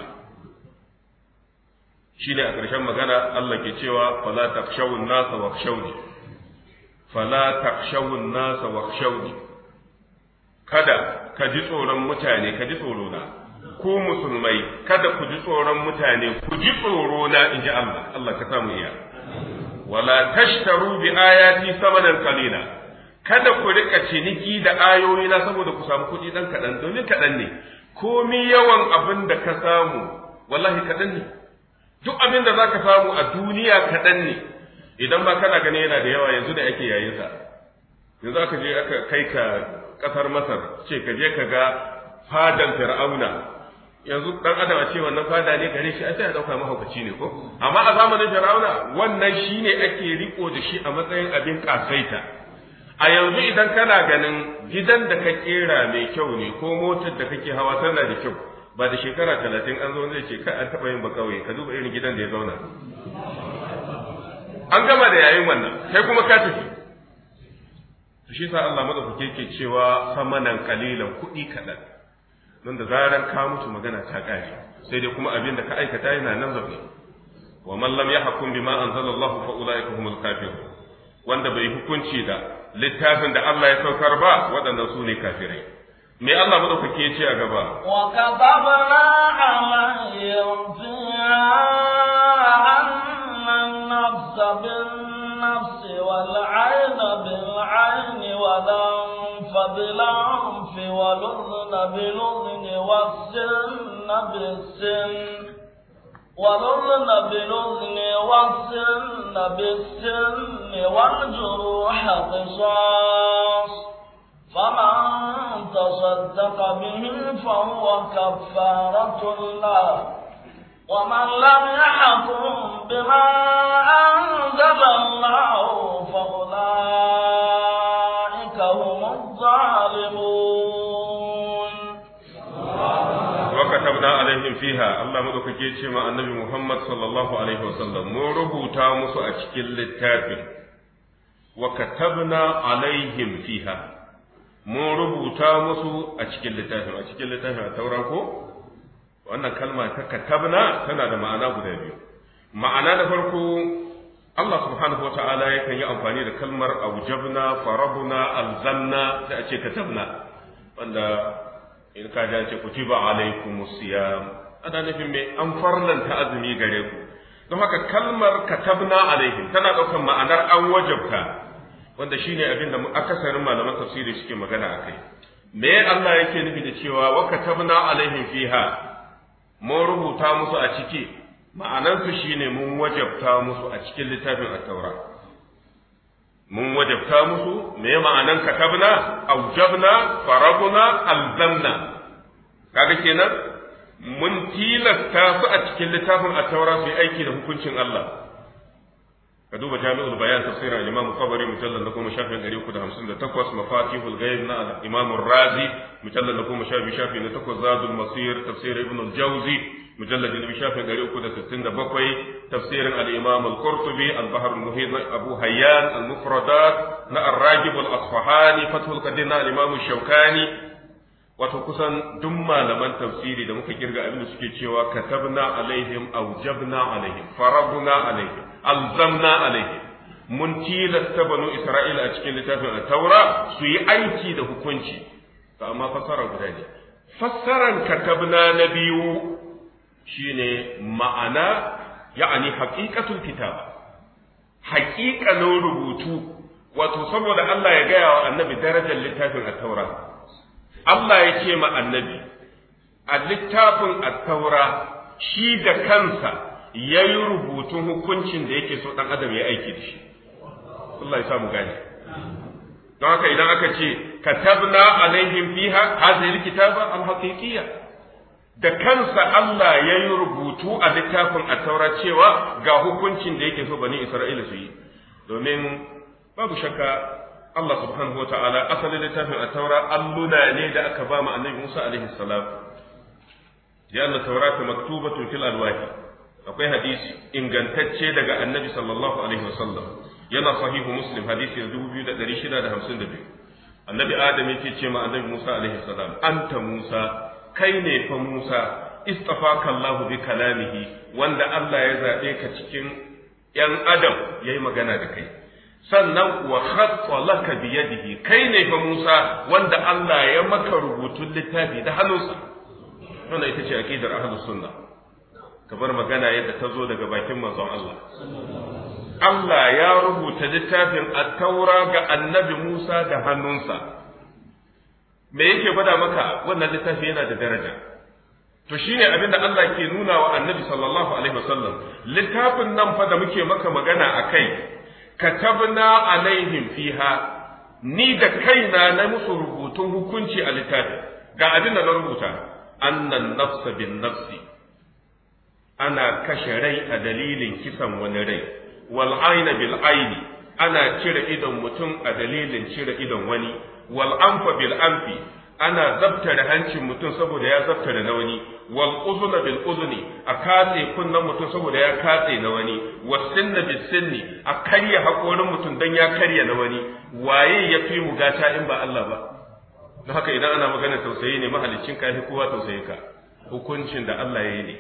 shi ne a ƙarshen magana Allah ke cewa fala takshawun nasa wa khshawni fala takshawun nasa wa khshawni kada ka ji tsoron mutane ka ji tsoro na ku musulmai kada ku ji tsoron mutane ku ji tsoro na in ji Allah Allah ka samu iya wala tashtaru bi ayati samanan qalila kada ku rika ciniki da ayoyi na saboda ku samu kuɗi dan kaɗan domin kaɗan ne komi yawan abin da ka samu wallahi kaɗan ne duk abin da zaka samu a duniya kaɗan ne idan ba kana gani yana da yawa yanzu da ake yayin sa yanzu aka je aka kai ka ƙasar masar ce ka je ka ga fadan fir'auna yanzu dan adam a ce wannan fada ne gare shi a sai a dauka mahaukaci ne ko amma a zamanin Fir'auna wannan shine ake riko da shi a matsayin abin kasaita a yanzu idan kana ganin gidan da ka kera mai kyau ne ko motar da kake hawa tana da kyau ba da shekara talatin an zo zai ce ka an taɓa yin ba kawai ka duba irin gidan da ya zauna an gama da yayin wannan kai kuma ka tafi shi sa Allah madaukake ke cewa samanan kalilan kuɗi kaɗan don da zaran ka mutu magana ta ƙare sai dai kuma abin da ka aikata yana nan zaune wa man lam yahkum bima anzalallahu fa ulaika humul kafirun wanda bai hukunci da littafin da Allah ya saukar ba waɗannan su ne kafirai me Allah madaukake ya ce a gaba wa katabna alayhim fiha annan bin nafsi wal 'ayna bil 'ayni wa dam فبالعنف والأذن بالأذن والسن بالسن والأذن بالأذن والسن بالسن والجروح قصاص فمن تصدق به فهو كفارة له ومن لم يحكم بما أنزل الله فأولئك ظالمون وكتبنا عليهم فيها الله مدوكي ce ma annabi Muhammad sallallahu alaihi wasallam mun rubuta musu a cikin littafin wa alaihim fiha mun rubuta musu a cikin littafin a cikin littafin a tauran ko wannan kalma ta katabna tana da ma'ana guda biyu ma'ana da farko Allah subhanahu wa ta'ala yakan yi amfani da kalmar aujabna farabna alzanna da a katabna wanda in ka ji ce kutiba alaikumus siyam ana nufin an farlanta azumi gare ku don haka kalmar katabna alaihim tana ɗaukar ma'anar an wajabta wanda shine abin da akasarin malaman tafsiri suke magana akai me Allah yake nufi da cewa wa katabna alaihim fiha mun rubuta musu a ciki ma'anarsu ne mun wajabta musu a cikin littafin at-taura mun wajabta musu me ma'anan katabna aujabna farabna alzamna kaga kenan mun tilasta su a cikin littafin at-taura su aiki da hukuncin Allah ka duba jami'ul bayan tafsirin al-imam mujallal na goma shafin ɗari uku da hamsin da takwas mafatihul ghaib na imam razi mujallal na goma shafi shafi na takwas zadul masir tafsirin ibn al-jawzi mujalladi na shafin gari uku da sittin da bakwai tafsirin al-imam al-qurtubi al-bahr al-muhit na abu hayyan al-mufradat na ragib al-asfahani fathul qadir na al shaukani wato kusan duk malaman tafsiri da muka kirga abin da suke cewa katabna alaihim aujabna alaihim farabna alaihim alzamna mun tilasta banu isra'ila a cikin littafin taura su yi aiki da hukunci amma fassara guda fassaran katabna na biyu shine ma'ana ya'ani haqiqatul kitab haqiqanin rubutu wato saboda Allah ya gaya wa annabi darajar littafin at-taura Allah ya ce ma annabi a littafin at-taura shi da kansa yayi rubutun hukuncin da yake so dan adam ya aiki da shi Allah ya samu gani don haka idan aka ce katabna alaihim fiha hadhihi al-kitaba al-haqiqiyya da kansa Allah ya yi rubutu a littafin a taura cewa ga hukuncin da yake so bani Isra'ila su yi domin babu shakka Allah subhanahu wa ta'ala asali littafin a taura alluna ne da aka ba mu annabi Musa alaihi salam ya taura ta maktuba fil alwahi akwai hadisi ingantacce daga annabi sallallahu alaihi wa sallam. yana sahihu muslim hadisi da da da shida hamsin biyu. annabi adam yake ce ma annabi Musa alaihi salam anta Musa kai ne fa Musa istafaka Allahu bi kalamihi wanda Allah ya zaɓe ka cikin ‘yan adam yayi magana da kai sannan wa khatta laka bi yadihi kai ne fa Musa wanda Allah ya maka rubutun littafi da hannunsa Wanda ita ce aqidar ahlus sunna Kamar magana yadda ta zo daga bakin manzon Allah Allah ya rubuta littafin at-taura ga annabi Musa da hannunsa me yake gwada maka wannan littafi yana da daraja to shine abin da Allah ke nuna wa Annabi sallallahu alaihi wasallam littafin nan fa da muke maka magana akai katabna alaihim fiha ni da kaina na musu rubutun hukunci a littafi ga abin da na rubuta annan nafsa bin nafsi ana kashe rai a dalilin kisan wani rai wal aina bil aini ana cire idon mutum a dalilin cire idon wani wal anfa bil anfi ana zabtare hancin mutum saboda ya zabtare na wani wal uzuna bil uzni a katse kunnen mutum saboda ya katse na wani was sinna bil sinni a karya hakorin mutum dan ya karya na wani waye ya fi mu gata in ba Allah ba don haka idan ana magana tausayi ne mahalicin ka fi kowa tausayi ka hukuncin da Allah ya yi ne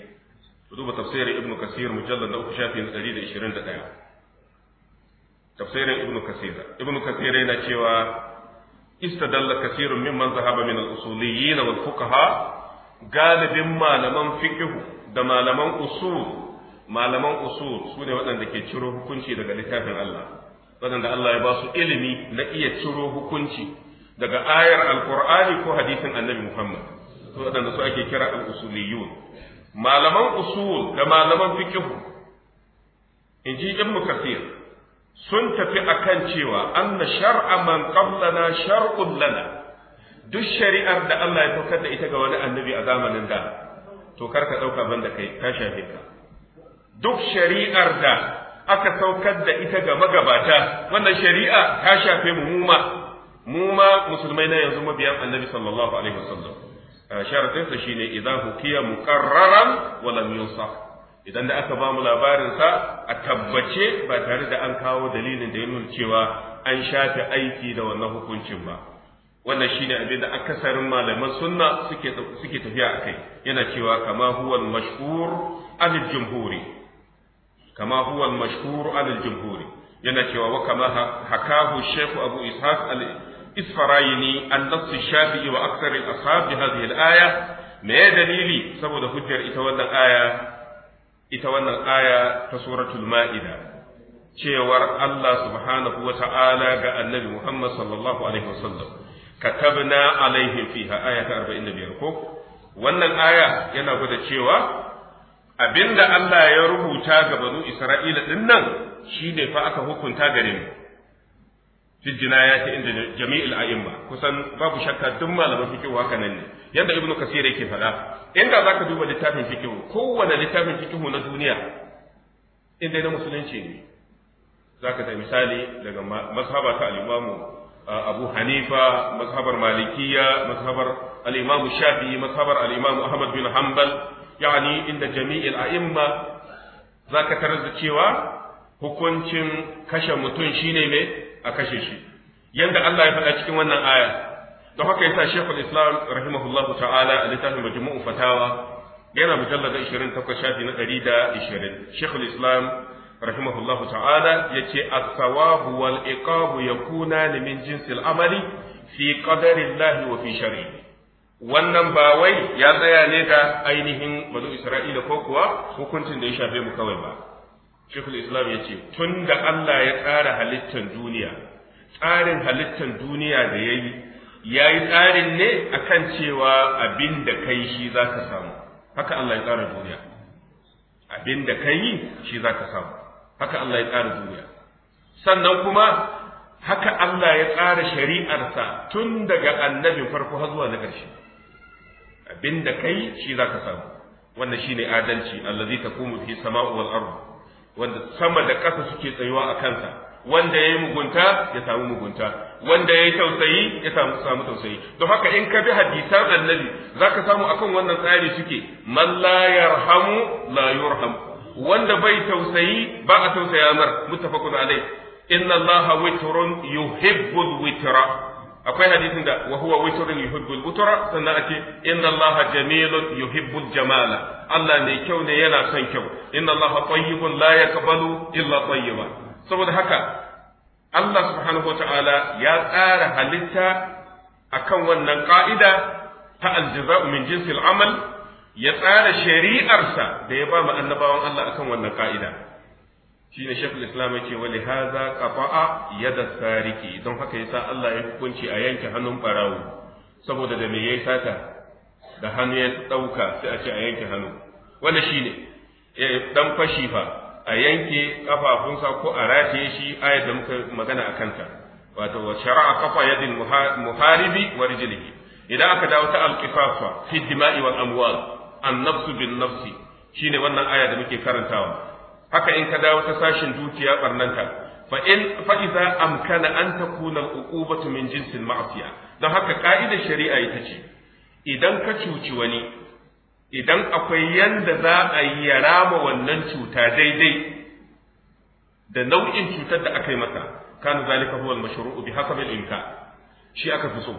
duba tafsirin ibnu kasir mujallal na uku shafi na 121 tafsirin ibnu kasir ibnu kasir yana cewa istadalla kathirun mimman zahaba min al-usuliyyin wal fuqaha galibin malaman fiqh da malaman usul malaman usul sune waɗanda ke ciro hukunci daga littafin Allah waɗanda Allah ya basu ilimi na iya ciro hukunci daga ayar alqur'ani ko hadisin annabi Muhammad to waɗanda su ake kira al-usuliyun malaman usul da malaman fiqh in ji ibn kathir sun tafi a kan cewa anna shar'a man qablana shar'un lana duk shari'ar da Allah ya saukar da ita ga wani annabi a zamanin da to kar ka dauka banda kai ka shafe ka duk shari'ar da aka saukar da ita ga magabata wannan shari'a ta shafe mu ma mu ma musulmai na yanzu mabiyan annabi sallallahu alaihi wasallam sharadin sa shine idan hukiya muqarraran wa lam yunsaf idan da aka bamu labarinsa a tabbace ba tare da an kawo dalilin da ya nuna cewa an shafe aiki da wannan hukuncin ba wannan shine abin da akasarin malaman sunna suke suke tafiya akai yana cewa kama huwa al-mashhur an jumhuri kama huwa al-mashhur an jumhuri yana cewa wa kama hakahu shaykh abu ishaq al-isfarayni an-nass shafi'i wa akthar al-ashab bi hadhihi al-aya me dalili saboda hujjar ita wannan aya ita wannan aya ta suratul ma'ida cewar Allah subhanahu wa ta'ala ga annabi Muhammad sallallahu alaihi wasallam tabna alaihin fiha aya ta 45 ko wannan aya yana gwada cewa abinda Allah ya rubuta ga banu Isra'ila din nan shine fa aka hukunta gare mu ya jinayati inda jami'il a'imma kusan babu shakka duk malaman fiqh haka nan ne yanda ibnu kasir yake faɗa inda zaka duba littafin fikihu kowanne littafin fikihu na duniya in dai na musulunci ne zaka ta misali daga mazhaba ta al abu hanifa mazhabar malikiya mazhabar al-imamu shafi'i mazhabar al ahmad bin hanbal yani inda jami'il a'imma zaka tarar da cewa hukuncin kashe mutum shine me a kashe shi yanda Allah ya faɗa cikin wannan aya don haka yasa shekul islam rahimahullahu ta'ala a littafin majmu'u fatawa yana mujallar 28 shafi na 120 shekul islam rahimahullahu ta'ala yace as-sawabu wal iqabu yakuna ne min jinsil amali fi qadarillahi wa fi shar'i wannan ba wai ya tsaya ne da ainihin bazu isra'ila ko kuwa hukuncin da ya shafe mu kawai ba shekul islam yace tunda Allah ya tsara halittar duniya tsarin halittar duniya da yayi ya yi tsarin ne a kan cewa abin da kai shi za ka samu haka Allah ya tsara duniya abin da kai shi za ka samu haka Allah ya tsara duniya sannan kuma haka Allah ya tsara shari'arsa tun daga annabin farko har zuwa na ƙarshe abin da kai shi za ka samu wannan shine adalci allah ta taqumu fi sama'u wal ardh wanda sama da ƙasa suke tsayuwa a kansa wanda ya yi mugunta ya samu mugunta wanda ya tausayi ya samu samu tausayi don haka in ka bi hadisan annabi zaka samu akan wannan tsari suke man la yarhamu la yurham wanda bai tausayi ba a tausaya mar muttafaqun alai inna allaha witrun yuhibbul witra akwai hadisin da wa huwa witrun yuhibbul witra sannan ake inna allaha jamilun yuhibbul jamala Allah mai kyau ne yana son kyau inna allaha tayyibun la yaqbalu illa tayyiba saboda haka Allah subhanahu wata'ala ya tsara halitta akan wannan ka'ida ta aljaza'u min jinsil amal ya tsara shari'arsa da ya ba mu annabawan Allah akan wannan ka'ida shine shekul islam yake wa li hadha qata'a yada sariki don haka yasa Allah ya hukunci a yanke hannun ɓarawo saboda da me yayi sata da hannu ya ɗauka sai a ce a yanke hannu shi shine dan eh, fashi fa a yanke kafafunsa ko a rataye shi ayat da muka magana a kanta wato wa shara'a kafa yadin muharibi wa rijlihi idan aka dawo ta alqifafa fi dima'i wal amwal an nafsu bin nafsi shine wannan aya da muke karantawa haka in ka dawo ta sashin dukiya barnanta fa in fa idza amkana an takuna al min jinsin ma'siya don haka ka'idar shari'a ita ce idan ka cuci wani idan akwai yanda za a yi ya rama wannan cuta daidai da nau'in cutar da aka yi mata kan zalika huwa al-mashru'u bi hasab al-imkan shi aka fi so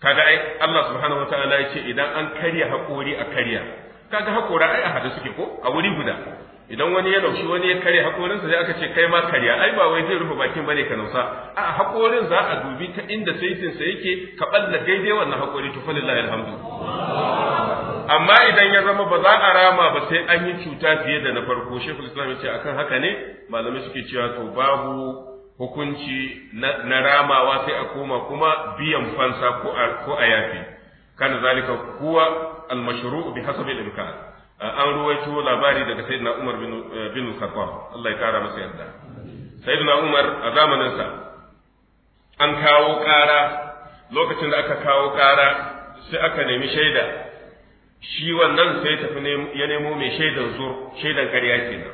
kaga ai Allah subhanahu wataala yace idan an karya hakuri a karya kaga hakora ai a hada suke ko a wuri guda idan wani ya laushi wani ya karya hakorinsa sai aka ce kai ma karya ai ba wai zai rufe bakin bane ka nausa a hakorin za a dubi ta inda saitin sa yake ka balla daidai wannan hakori to falillahi alhamdu amma idan ya zama ba za a rama ba sai an yi cuta fiye da na farko shekul islam ce akan haka ne malamai suke cewa to babu hukunci na ramawa sai a koma kuma biyan fansa ko a yafi kana zalika kuwa almashru bi hasabi al-imkan an ruwaito labari daga sayyidina Umar bin eh, bin Khattab Allah ya kara masa yarda sayyidina Umar a zamanin sa an kawo kara lokacin da aka kawo kara sai aka nemi shaida shi wannan sai tafi ya nemo mai shaidan zur shaidan ƙarya kenan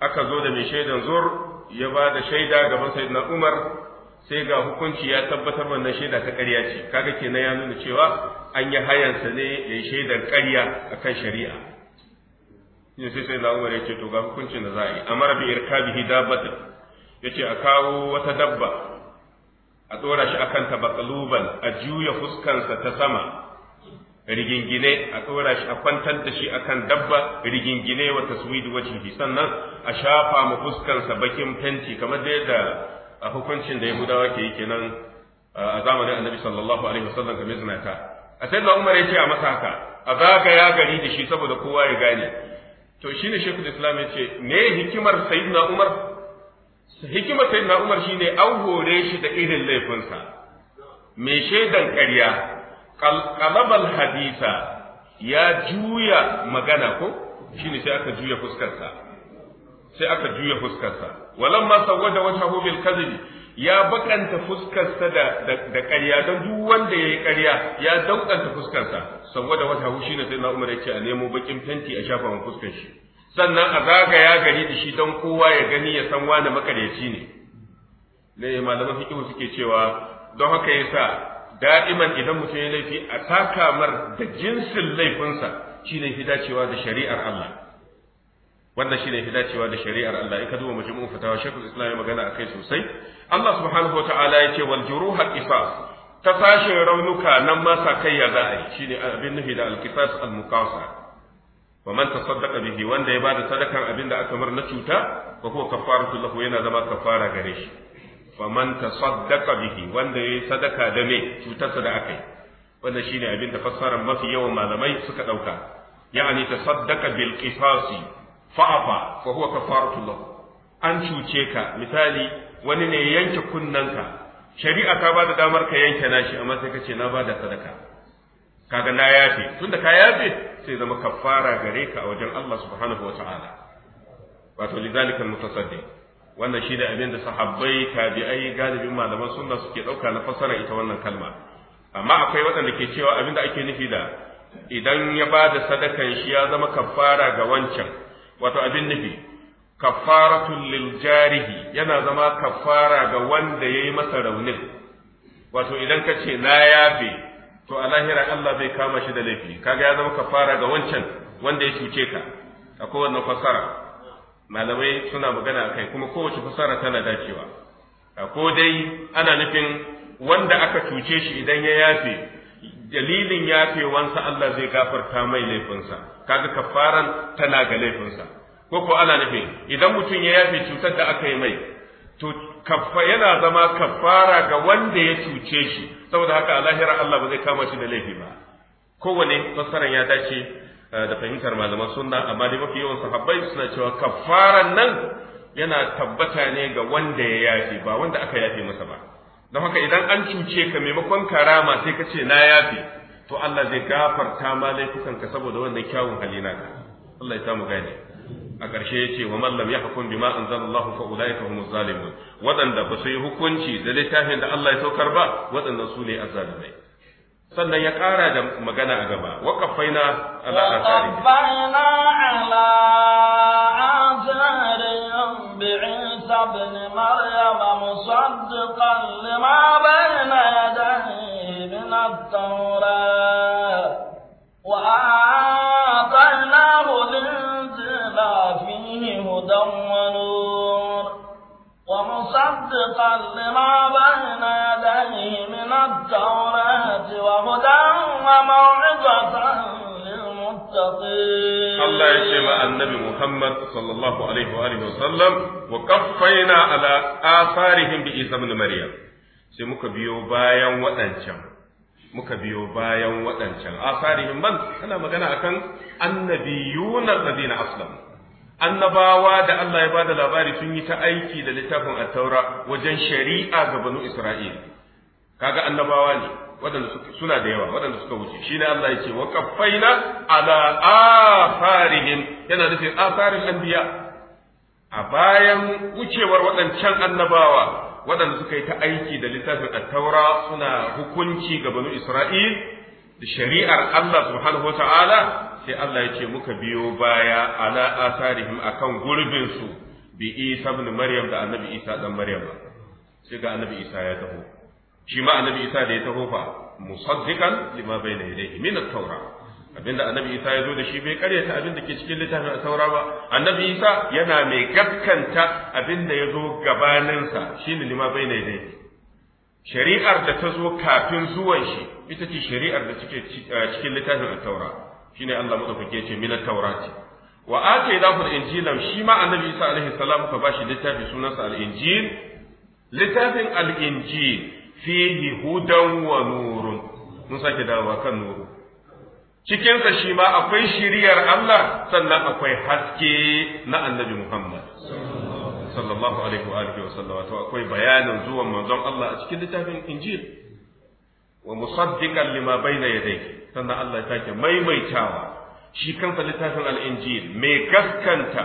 aka zo da mai shaidan zur ya ba da shaida ga sayyidina Umar sai ga hukunci ya tabbatar wannan shaida ta ƙarya ce kaga kenan ya nuna cewa an yi hayansa ne ya yi shaidan ƙarya akan shari'a ne sai sai Umar ya ce to ga hukuncin da za a yi amar bi irkabihi dabbat yace a kawo wata dabba a tsora shi akan ta a juya fuskansa ta sama rigingine a kawara shi a kwantar da shi akan dabba rigingine wa taswidu wajhihi sannan a shafa mu fuskansa bakin fenti kamar da yadda a hukuncin da Yahudawa ke yi kenan a zamanin Annabi sallallahu alaihi wasallam kamar ta a sai da Umar ya ce a masa haka a zaka ya gari da shi saboda kowa ya gane to shine Sheikhul Islam ya ce me hikimar Sayyidina Umar hikimar Sayyidina Umar shine an hore shi da irin laifinsa me shaidan ƙarya qalabal hadisa ya juya magana ko shine sai aka juya fuskarsa sai aka juya fuskarsa walamma sawwada wajhahu bil kadhib ya bakanta fuskarsa da da ƙarya don duk wanda yayi ƙarya ya daukanta fuskarsa saboda wata shine sai na Umar yake a nemo bakin fenti a shafa mu fuskar shi sannan a ya gari da shi don kowa ya gani ya san wani makaryaci ne ne malaman fiqh suke cewa don haka yasa da'iman idan mutum ya laifi a takamar da jinsin laifinsa shine fi dacewa da shari'ar Allah wannan shine fi dacewa da shari'ar Allah in ka duba majmu'u fatawa shekul islam ya magana kai sosai Allah subhanahu ta'ala ya ce wal juruh al ta sashen raunuka nan ma sa kai ya za'a shine abin nufi da al qisas al muqasa wa man tasaddaqa bihi wanda ya bada sadakan abin da aka mar na cuta wa huwa kaffaratu lahu yana zama kafara gare shi faman tasaddaqa bihi wanda ya yi sadaka da me cutarsa da akai wanda shine abin da fassarar mafi yawan malamai suka dauka ya'ani tasaddaqa bil qisasi fa'afa fa huwa kafaratu lahu an cuce ka misali wani ne yanke kunnen-ka, shari'a ta da damar ka yanke nashi amma sai ka ce na bada sadaka kaga na yafe tunda ka yafe sai zama kafara gare ka a wajen Allah subhanahu wa ta'ala wato lidhalika mutasaddiq wannan shi ne abin da sahabbai tabi'ai galibin malaman sunna suke ɗauka na fassara ita wannan kalma amma akwai waɗanda ke cewa abin da ake nufi da idan ya ba da sadakan shi ya zama kaffara ga wancan wato abin nufi kaffaratun lil jarihi yana zama kaffara ga wanda ya yi masa raunin wato idan ka ce na yafe to a lahira Allah zai kama shi da laifi kaga ya zama kaffara ga wancan wanda ya cuce ka akwai wannan fasara. malamai suna magana a kai kuma kowace fasara tana dacewa ko dai ana nufin wanda aka cuce shi idan ya yafe dalilin yafewansa Allah zai gafarta mai laifinsa kaga kafaran tana ga laifinsa ko ko ana nufin idan mutum ya yafe cutar da aka yi mai to yana zama kafara ga wanda ya cuce shi saboda haka a lahira Allah ba zai kama shi da laifi ba kowane fasaran ya dace Eh, da fahimtar malaman sunna amma dai mafi yawan sahabbai suna cewa kafaran nan yana tabbata ne ga wanda ya yafi ba wanda aka yafe masa ba don haka idan an cince ka maimakon karama sai ka ce na yafi to Allah zai gafarta ma ka saboda wannan kyawun halina ka Allah ya samu gane a ƙarshe ya ce wa mallam ya yahkum bima anzalallahu fa ulaika humuz zalimun waɗanda ba su yi hukunci da littafin da Allah ya saukar ba waɗannan su ne azzalimai sannan ya ƙara da magana a gaba wa kafaina ala asarina فيه هدى ونور ومصدقا لما بين يديه من التوراة وهدى وموعظة للمتقين الله يشهد النبي محمد صلى الله عليه وآله وسلم وكفينا على آثارهم بإيسى بن مريم سي muka biyo bayan waɗancan muka biyo bayan من asarihim man ana magana akan annabiyuna annabawa da Allah ya ba da labari sun yi ta aiki da littafin attaura wajen shari'a ga banu Isra'il. Kaga annabawa ne, waɗanda suna da yawa, waɗanda suka wuce. Shi ne Allah ya ce, wa kafaina ala afarihim, yana nufin afarin anbiya. A bayan wucewar waɗancan annabawa, waɗanda suka yi ta aiki da littafin attaura suna hukunci ga banu Isra'il, da shari'ar Allah subhanahu wa ta'ala sai Allah ya ce muka biyo baya ala asarihim akan gurbin su bi Isa ibn Maryam da Annabi Isa dan Maryam sai ga Annabi Isa ya taho shi ma Annabi Isa da ya taho fa musaddiqan lima bayna yadayhi min at-taura abinda Annabi Isa ya zo da shi bai karyata abinda ke cikin littafin at-taura ba Annabi Isa yana mai gaskanta abinda ya zo gabaninsa shine lima bayna yadayhi shari'ar da ta zo kafin zuwan shi ita ce shari'ar da take eh, cikin littafin at-taura shine Allah madaukake ce min at-taurati wa da al-injila shi ma annabi Isa alaihi salam ka bashi littafi sunansa al-injil littafin al-injil fihi hudan wa nurun mun sake dawowa kan nuru cikinsa shi ma akwai shiriyar Allah sannan akwai haske na annabi Muhammad sallallahu alaihi wa alihi wa sallam akwai bayanin zuwan manzon Allah a cikin littafin Injil wa musaddiqan lima bayna yadayhi sannan Allah ya sake maimaitawa shi kansa littafin al-injil mai gaskanta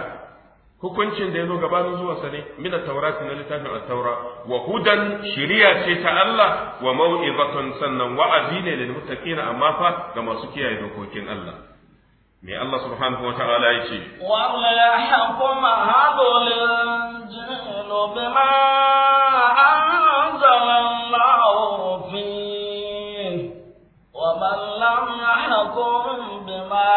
hukuncin da ya zo gabanin zuwa ne min at-taurati na littafin at-taura wa hudan shiriya ce ta Allah wa mau'izatun sannan wa'azi ne lil muttaqina amma fa ga masu kiyaye dokokin Allah me Allah subhanahu wa ta'ala ya ce wa la haqqa ma hadul injil bima كفرتم بما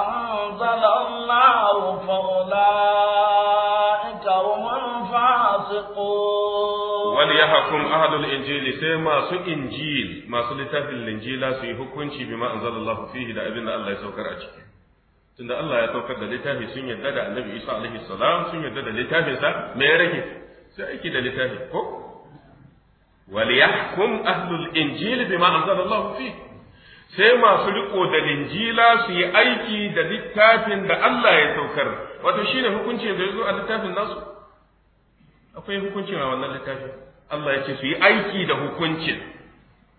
أنزل الله فأولئك هم الفاسقون وليحكم أهل الإنجيل سيما سو إنجيل ما سو لتافي الإنجيل سيحكم بما أنزل الله فيه لا إبن الله يسوكر tunda Allah ya saukar da littafi sun yarda da Annabi Isa alaihi salam sun yarda da littafinsa me ya rage sai aiki da littafi ko wal yahkum ahlul injil bima anzalallahu fi sai masu riko da linjila su yi aiki da littafin da Allah ya saukar wato shine hukuncin da ya zo a littafin nasu akwai hukuncin a wannan littafin Allah ya ce su yi aiki da hukuncin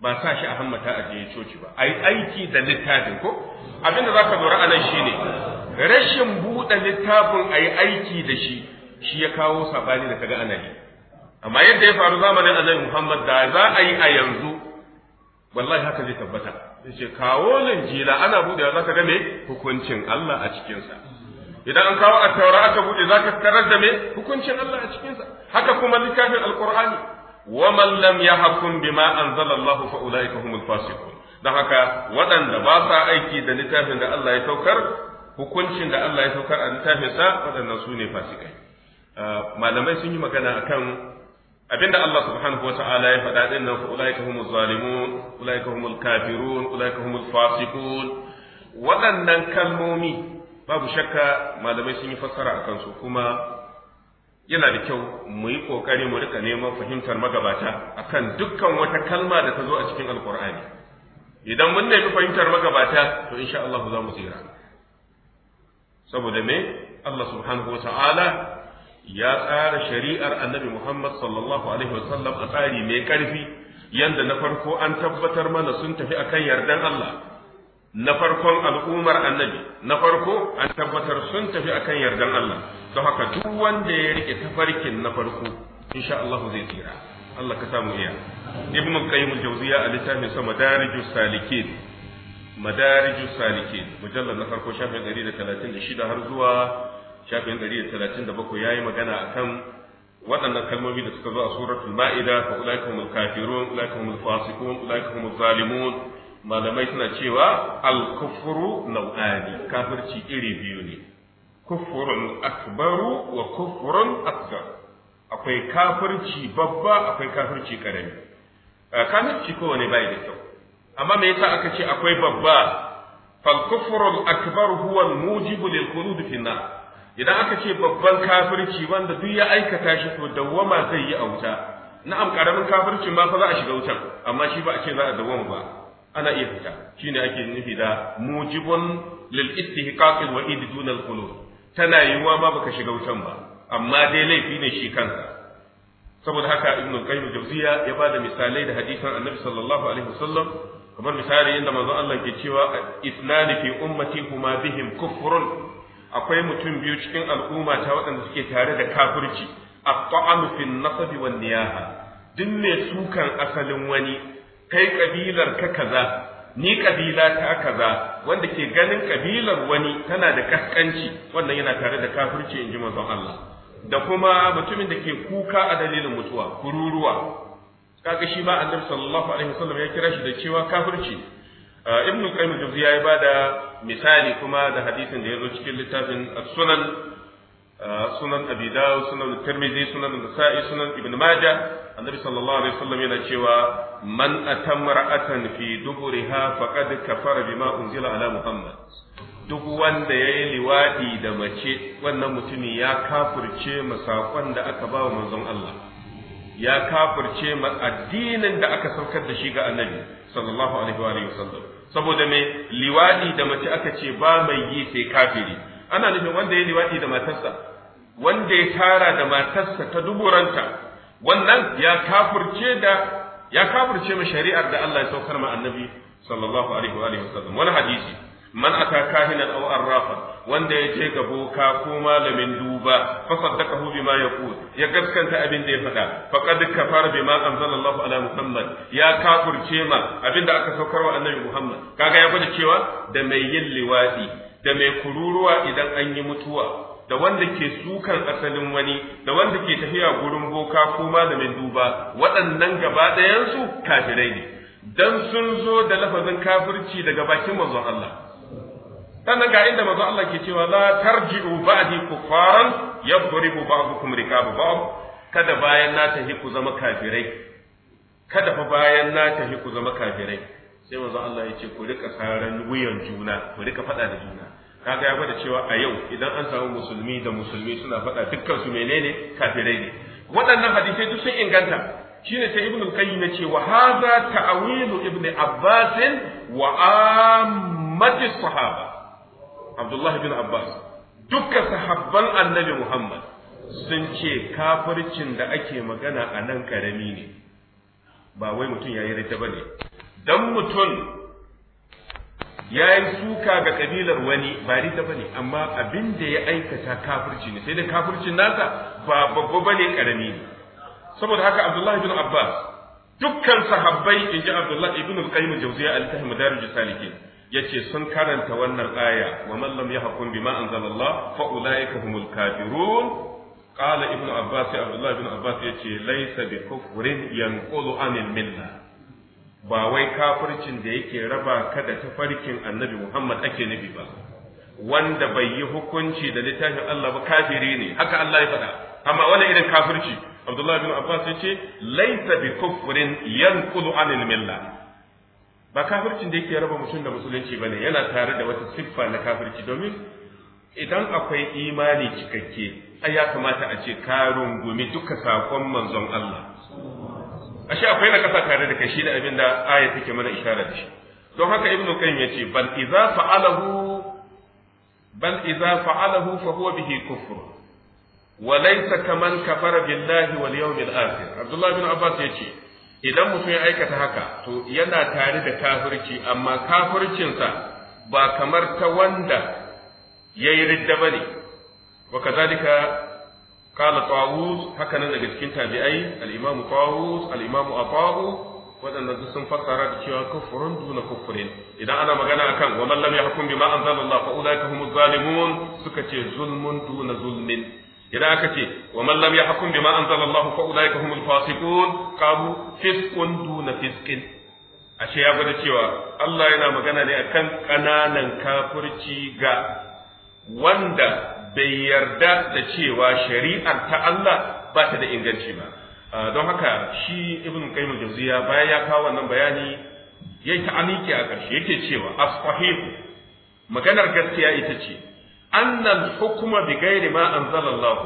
ba sa shi a hammata a jiye coci ba a yi aiki da littafin ko abin da za ka lura a nan shine rashin buɗe littafin a yi aiki da shi shi ya kawo saɓani da kaga ana amma yadda ya faru zamanin annabi Muhammad da za a yi a yanzu wallahi haka zai tabbata yace kawo jila ana buɗe zaka ga me hukuncin Allah a cikin idan an kawo at-taura aka buɗe zaka karar da me hukuncin Allah a cikin haka kuma littafin wa waman lam yahkum bima anzala Allah fa ulaika humul fasiqun dan haka waɗanda ba sa aiki da littafin da Allah ya saukar hukuncin da Allah ya saukar a littafinsa sa waɗannan su ne fasikai uh, malamai sun yi magana akan abinda Allah subhanahu wa ta'ala ya faɗa din nan fa ulaika humuz zalimun ulaika humul kafirun ulaika humul fasiqun waɗannan kalmomi babu shakka malamai sun yi fassara akan su kuma yana da kyau mu yi kokari mu rika neman fahimtar magabata akan dukkan wata kalma da ta zo a cikin alqur'ani idan mun nemi fahimtar magabata to insha Allah za mu tsira saboda me Allah subhanahu wa ta'ala ya tsara shari'ar annabi Muhammad sallallahu alaihi wasallam a tsari mai ƙarfi Yadda na farko an tabbatar mana sun tafi akan yardan Allah na farkon al'ummar annabi na farko an tabbatar sun tafi akan yardan Allah don haka duk wanda ya rike tafarkin na farko insha Allah zai tsira Allah ka samu iya ibn qayyim al-jawziya a littafin sa madarijus salikin madarijus salikin mujallar na farko shafin 136 har zuwa shafin 137 yi magana a kan waɗannan kalmomi da suka zo a suratul ma'ida fa ulaika humul kafirun ulaika humul fasiqun ulaika humul zalimun malamai suna cewa al-kufru nau'ani kafirci iri biyu ne kufrun akbaru wa kufrun asghar akwai kafirci babba akwai kafirci karami kafirci kowane bai da kyau amma me yasa aka ce akwai babba fal kufru al-akbar huwa al-mujibu lil khulud fi an-nar idan aka ce babban kafirci wanda duk ya aikata shi to dawwama zai yi a wuta na'am karamin kafircin ma fa za a shiga wutar amma shi ba a ce za a dawwama ba ana iya fita shine ake nufi da mujibun lil istihqaq al wa'id dun al qulub tana yiwuwa ma baka shiga wutan ba amma dai laifi ne shi kansa saboda haka ibnu qayyim jawziya ya bada misalai da hadisan annabi sallallahu alaihi wasallam kamar misali inda manzon Allah ke cewa isnani fi ummati huma bihim kufrun akwai mutum biyu cikin al'umma ta waɗanda suke tare da kafirci a taanu fi nasabi niyaha duk mai sukan asalin wani kai kabilar ka kaza ni kabila ta kaza wanda ke ganin kabilar wani tana da kaskanci wannan yana tare da kafirci ji mazan Allah da kuma mutumin da ke kuka a dalilin mutuwa kururuwa kaga shi ma annabi sallallahu alaihi wasallam ya kira shi da cewa kafirci uh, ibnu qayyim jawziya ya bada misali kuma da hadisin da ya zo cikin littafin sunan uh, sunan abi dawud sunan tirmidhi sunan nasa'i sunan ibn majah annabi sallallahu alaihi wasallam yana cewa man atamra'atan fi duburiha faqad kafara bima unzila ala muhammad duk wanda ya yi liwadi da mace wannan mutumi ya kafirce masakon da aka ba wa manzon Allah ya kafirce addinin da aka saukar da shi ga annabi sallallahu alaihi wa alihi wasallam saboda me liwadi da mace aka ce ba mai yi sai kafiri ana nufin wanda ya liwadi da matarsa wanda ya tara da matarsa ta duburanta wannan ya kafirce da ya kafirce mai shari'ar da Allah ya saukar ma annabi sallallahu alaihi wa alihi wasallam wani hadisi man ata kahinan aw arrafa wanda ya je ga boka ko malamin duba fa saddaqahu bima yaqul ya gaskanta abin da ya faɗa faqad kafara bima anzalallahu ala muhammad ya kafurce ma abin da aka saukar wa annabi muhammad kaga ya gwada cewa da mai yin liwadi da mai kururuwa idan an yi mutuwa da wanda ke sukan asalin wani da wanda ke tafiya gurin boka ko malamin duba waɗannan gaba ɗayansu kafirai ne dan sun zo da lafazin kafirci daga bakin manzon Allah sannan ga inda manzo Allah ke cewa la tarji'u ba'di kuffaran yadribu ba'dukum rikabu ba'd kada bayan na tafi ku zama kafirai kada fa bayan na tafi ku zama kafirai sai manzo Allah ya ce ku rika saran wuyan juna ku rika fada da juna kaga ya gwada cewa a yau idan an samu musulmi da musulmi suna fada dukkan su menene kafirai ne waɗannan hadisai duk sun inganta shine sai ibnu ya ce wa hadha ta'wilu ibnu abbas wa ammati sahaba abdullahi bin abbas duka sahabban annabi muhammad sun ce kafircin da ake magana a nan karami ne ba wai mutum ya yi rita ba ne don mutum ya yi suka ga kabilar wani ba rita ba ne amma abin da ya aikata kafirci ne sai da kafircin nasa ba babba ba ne karami ne saboda haka abdullahi bin abbas dukkan sahabbai in ji abdullahi ibn al-qayyim al-jawziya al-tahim madarijus salikin yace sun karanta wannan aya wa man lam yahkum bima anzalallah fa ulaika humul kafirun qala ibn abbas abdullah ibn abbas yace laysa bi kufrin yanqulu anil milla ba wai kafircin da yake raba ka da tafarkin annabi muhammad ake nufi ba wanda bai yi hukunci da littafin Allah ba kafiri ne haka Allah ya faɗa amma wani irin kafirci Abdullah bin Abbas ya ce laisa bi kufrin yanqulu anil milla ba kafircin da yake raba mutum da musulunci ba ne yana tare da wata siffa na kafirci domin idan akwai imani cikakke ai ya kamata a ce ka rungumi duka sakon manzon Allah ashe akwai na kasa tare da kashi da abin da aya take mana isharar shi don haka Ibnu qayyim yace bal idza fa'alahu bal idza fa'alahu fa huwa bihi kufr wa laysa kaman kafara billahi wal yawmil akhir abdullah ibn abbas yace idan mutum ya aikata haka to yana tare da kafirci amma kafircinsa ba kamar ta wanda ya yi ridda ba ne wa kazalika kala tawus haka nan daga cikin tabi'ai al-imam tawus al-imam atahu waɗanda duk sun fassara da cewa kufurun duna kufurin idan ana magana akan wa man lam yahkum bima anzalallah fa ulaika humuz zalimun suka ce zulmun duna zulmin idan aka ce wa man lam yahkum bima anzala Allah fa ulaika humul fasiqun qalu fisqun duna fisqin ashe ya gwada cewa Allah yana magana ne akan kananan kafirci ga wanda bai yarda da cewa shari'ar ta Allah ba ta da inganci ba don haka shi ibn qayyim jawziya bayan ya kawo wannan bayani yayi ta aniki a ƙarshe yake cewa as maganar gaskiya ita ce annal hukuma bi ghairi ma anzalallahu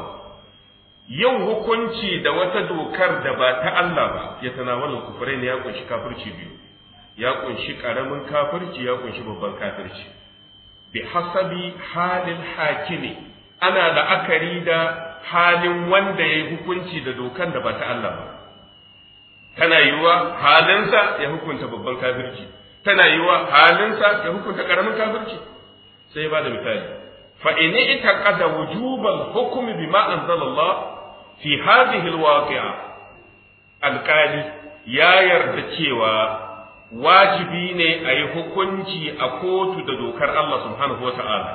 yin hukunci da wata dokar da ba ta Allah ba ya tanawala kufrai ne ya kunshi kafirci biyu ya kunshi karamin kafirci ya kunshi babban kafirci bi hasabi halin hakimi ana la'akari da halin wanda ya yi hukunci da dokan da ba ta Allah ba tana yiwuwa halinsa ya hukunta babban kafirci tana yiwuwa halinsa ya hukunta karamin kafirci sai ba da misali fa in itaqada wujubal hukmi bima anzalallah fi hadhihi alwaqi'a alqali ya yarda cewa wajibi ne a yi hukunci a kotu da dokar Allah subhanahu wa ta'ala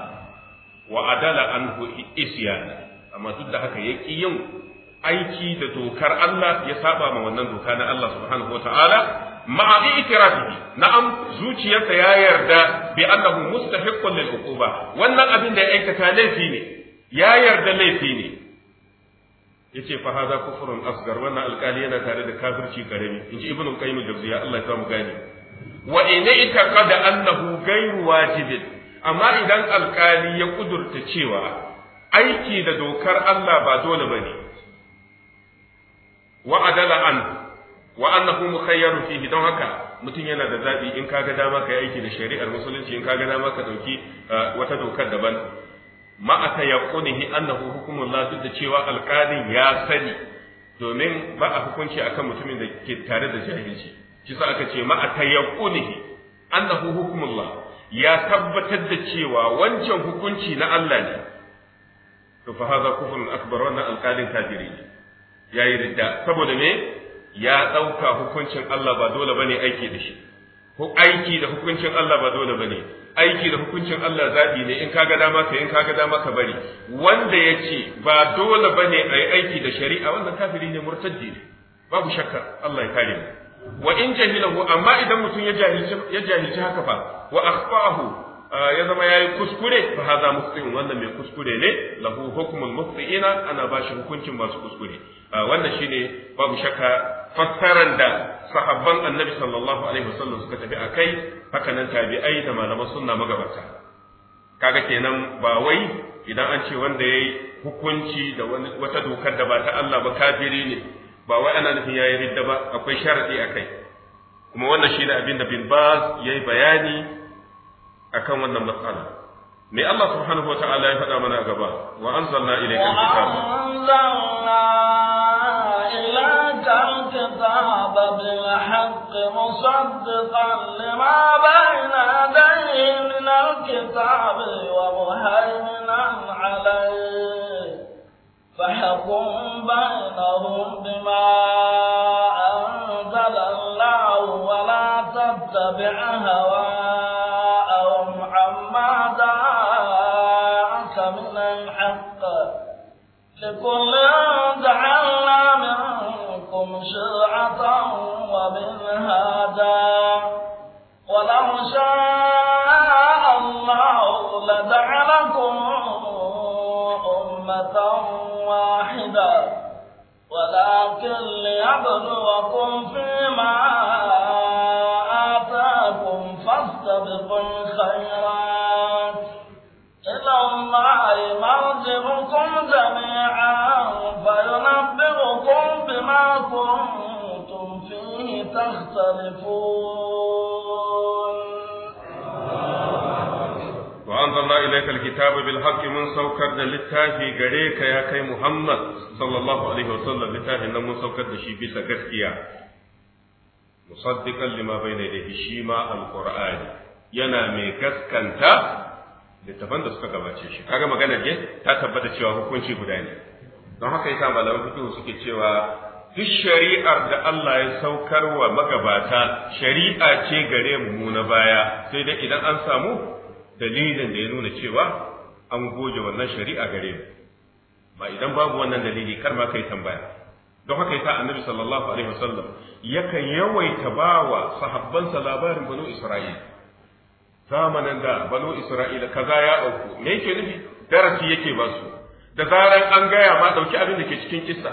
wa adala anhu isyana amma duk da haka yaƙi yin aiki da dokar Allah ya saba ma wannan doka na Allah subhanahu wataala ma'a bi na'am zuciyarsa ya yarda bi annahu mustahiqqun lil uquba wannan abin da ya aikata laifi ne ya yarda laifi ne yace fa hadha kufrun asgar wannan alkali yana tare da kafirci karami inji ibnu qayyim jawziya Allah ya samu gani wa in itaqada annahu ghayru wajibin amma idan alkali ya kudurta cewa aiki da dokar Allah ba dole bane wa adala an wa annahu mukhayyarun fihi don haka mutum yana da zabi in kaga dama ka yi aiki da shari'ar musulunci in kaga dama ka dauki uh, wata dokar daban ma aka yaqunihi annahu hukumullah duk da cewa alqadin ya sani domin ba a hukunci akan mutumin da ke tare da jahilci shi sa aka ce ma aka yaqunihi annahu hukumullah ya tabbatar da cewa wancan hukunci na Allah ne to fa hadha kufrun akbar wannan alqalin kafiri ne ya yi ridda saboda me ya ɗauka hukuncin Allah ba dole bane aiki da shi aiki da hukuncin Allah ba dole bane aiki da hukuncin Allah zaɓi ne in kaga dama ka in kaga dama ka bari wanda ya ce ba dole bane a yi aiki da shari'a wannan kafiri ne murtaddi ne babu shakka Allah ya kare mu wa in jahilahu amma idan mutum ya jahilci haka fa wa akhfa'ahu ya zama yayi kuskure fa haza muslim wannan mai kuskure ne lahu hukmul musliina ana ba shi hukuncin masu kuskure wannan shine babu shakka fassaran da sahabban annabi sallallahu alaihi wasallam suka tafi akai haka nan tabi'ai da malaman sunna magabata kaga kenan ba wai idan an ce wanda yayi hukunci da wata dokar da ba ta Allah ba kafiri ne ba wai ana nufin yayi ridda ba akwai sharadi akai kuma wannan shine abin da bin Baz yayi bayani akan wannan matsala me Allah subhanahu wa ta'ala ya faɗa mana a gaba wa anzalna ilayka kitaba anzalna ilayka kitaba bil haqqi musaddiqan lima bayna yadayhi min al kitabi wa muhaiminan alayhi فاحكم بينهم بما أنزل الله ولا تتبع هواه ما دعاك من الحق لكل جعلنا منكم شرعة ومنهاجا ولو شاء الله لجعلكم أمة واحدة ولكن ليبلوكم فيما آتاكم فاستبقوا الخيرات الله مرجعكم جميعا فينبئكم بما كنتم فيه تختلفون وأنزلنا إليك الكتاب بالحق من سوكر للتافي غريك يا كي محمد صلى الله عليه وسلم لتافي من سوكر لشي بيسا قسكيا musaddiqan lima bayna yadayhi shi ma alqur'ani yana mai gaskanta littafan da suka gabace shi kaga magana ce ta tabbata cewa hukunci guda ne don haka yasa malaman fiqh suke cewa duk shari'ar da Allah ya saukar wa magabata shari'a ce gare mu na baya sai dai idan an samu dalilin da ya nuna cewa an goge wannan shari'a gare mu ba idan babu wannan dalili kar ma kai tambaya don haka yasa annabi sallallahu alaihi wasallam yakan yawaita bawa sahabbansa labarin banu isra'ila zamanin da balo isra'ila kaza ya auku me yake nufi darasi yake ba su da zaran an gaya ma ɗauki abin da ke cikin kisa.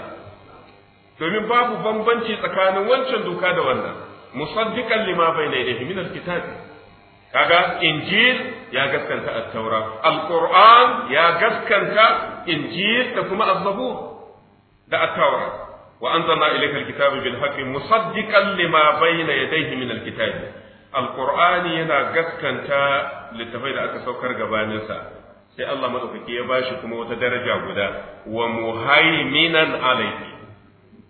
domin babu bambanci tsakanin wancan doka da wannan musaddiqan lima bayna yadayhi min alkitab kaga injil ya gaskanta at-taura ya gaskanta injil da kuma az da at-taura wa anzalna ilayka alkitaba bil haqqi musaddiqan lima bayna yadayhi min alkitab alkur'ani yana gaskanta littafai da aka saukar gabaninsa sai Allah madaukaki ya bashi kuma wata daraja guda wa muhaiminan alayhi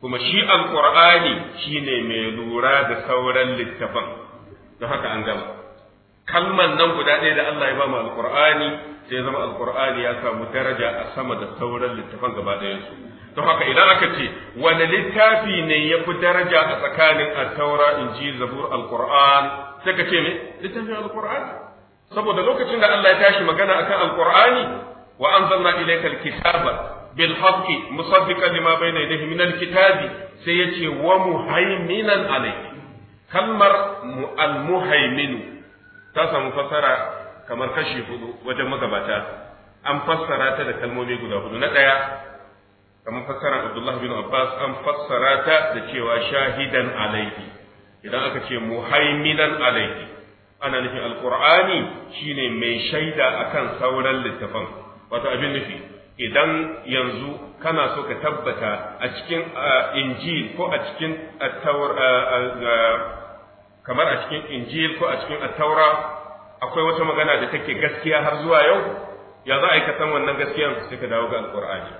kuma shi alqur'ani shine mai lura da sauran littafan Da haka an gama kalman nan guda ɗaya da Allah ya ba mu alqur'ani sai zama alqur'ani ya samu daraja a sama da sauran littafan gaba ɗayansu don haka idan aka ce wani littafi ne ya fi daraja a tsakanin at-taura injil zabur alkur'ani sai ka ce me littafin alqur'ani saboda lokacin da Allah ya tashi magana akan alqur'ani wa anzalna ilayka alkitaba bil haqqi musaddiqan lima bayna yadayhi min alkitabi sai ya ce wa muhaiminan alayhi kalmar mu almuhaminu ta samu fasara kamar kashi hudu wajen magabata an fassara ta da kalmomi guda hudu na ɗaya kamar fassara Abdullah bin Abbas an fassara ta da cewa shahidan alaihi idan aka ce muhaiminan alaihi ana nufin alqur'ani shine mai shaida akan sauran littafan wato abin nufi idan yanzu kana so ka tabbata a cikin injil ko a cikin kamar a cikin injil ko a cikin attaura akwai wata magana da take gaskiya har zuwa yau ya za a yi san wannan gaskiyan su? ka dawo ga alqur'ani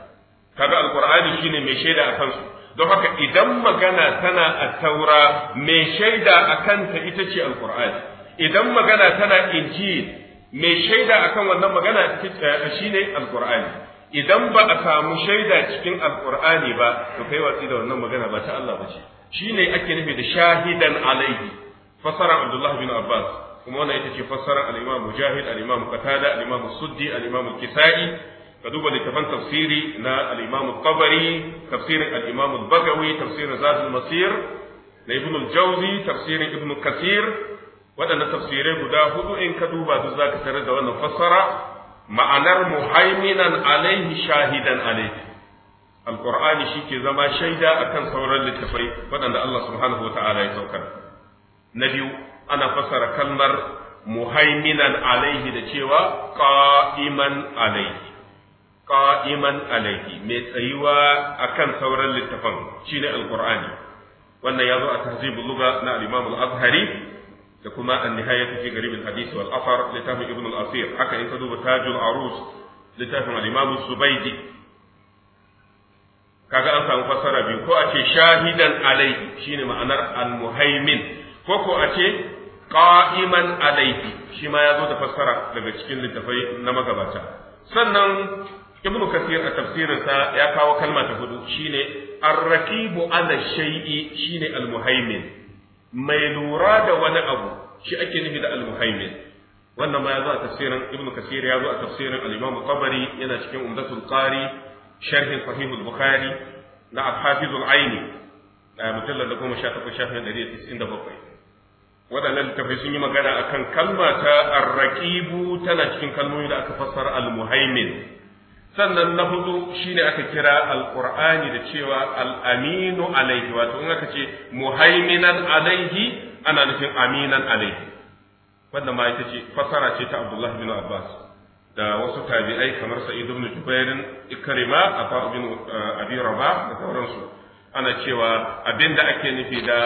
kaga alqur'ani shine mai shaida akan su don haka idan magana tana a taura mai shaida a kanta ita ce alkur'ani idan magana tana injil mai shaida kan wannan magana eh, shine alkur'ani idan ba a samu shaida cikin alkur'ani ba to kai watsi da wannan magana ba ta Allah ba ce shine ake nufi da shahidan alaihi fasara abdullahi bin abbas kuma wannan ita ce fasara al-Imam Mujahid al-Imam Qatada al-Imam Suddi al-Imam Kisai ka duba littafan tafsiri na al-Imam al tafsirin al al-Bagawi tafsirin zafin Masir na Ibn al-Jawzi tafsirin Ibn kasir, waɗannan tafsirai guda hudu in ka duba duk zaka tarar da wannan fassara ma'anar muhaiminan alaihi shahidan alaihi shi shike zama shaida akan sauran littafai waɗanda Allah subhanahu wata'ala ya saukar na biyu ana fassara kalmar muhaiminan alaihi da cewa ƙa'iman alaihi qa'iman alayhi mai tsayuwa akan sauran littafan shine alqur'ani wannan yazo a tahzibul lugha na al-imam al-azhari da kuma an-nihayatu fi garib al-hadith wal athar littafin ibn al-asir haka in ka duba tajul arus littafin al-imam subaydi kaga an samu fassara biyu ko a ce shahidan alayhi shine ma'anar al-muhaimin ko ko a ce qa'iman alayhi shi ma yazo da fassara daga cikin littafai na magabata sannan ibnu kasir a tafsirinsa ya kawo kalma ta hudu shine ar-raqibu ala shay'i shine al-muhaimin mai lura da wani abu shi ake nufi da al-muhaimin wannan ma ya zo a tafsirin ibnu kasir ya zo a tafsirin al-imam tabari yana cikin umdatul qari sharh sahih al-bukhari na al-hafiz al-aini mujallad 18 shafin 197 Wadannan littafai sun yi magana akan kalma ta arraƙibu tana cikin kalmomi da aka fassara al-muhaimin sannan na hudu shine aka kira alqur'ani da cewa al-aminu alaihi wato in aka ce muhaiminan alaihi ana nufin aminan alaihi wanda ma ita ce fasara ce ta Abdullah bin Abbas da wasu tabi'ai kamar Sa'id ibn Jubair Ikrima Afa ibn eh, Abi Rabah da sauransu ana cewa abinda ake nufi da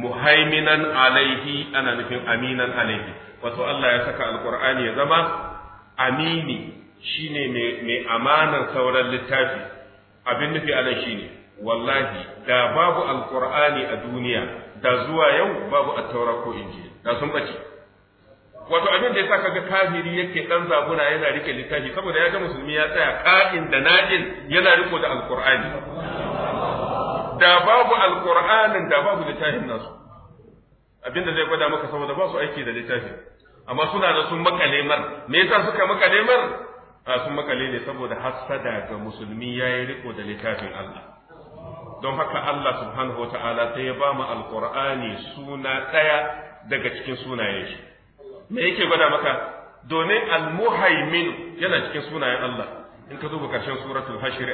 muhaiminan alaihi ana nufin aminan alaihi wato Allah ya saka alqur'ani ya zama amini Shi ne mai amanar sauran littafi abin nufi anan ne. wallahi da babu alkur'ani a duniya da zuwa yau babu a taura ko injil da sun ɓace wato abin da ya sa kaga kafiri yake dan zabuna yana rike littafi saboda ya ga musulmi ya tsaya ka'in da na'in yana riko da alkur'ani da babu alkur'anin da babu littafin nasu abin da zai gwada maka saboda ba su aiki da littafi. amma suna da sun makalemar me yasa suka makalemar mar Ah, sun makale ne saboda hassada ga musulmi ya yi riko da littafin Allah don haka Allah subhanahu wa ta'ala sai ya ba mu alƙur'ani suna ɗaya daga cikin sunayen shi me yake gwada maka domin almuhaimin yana cikin sunayen Allah in ka duba karshen suratul hashir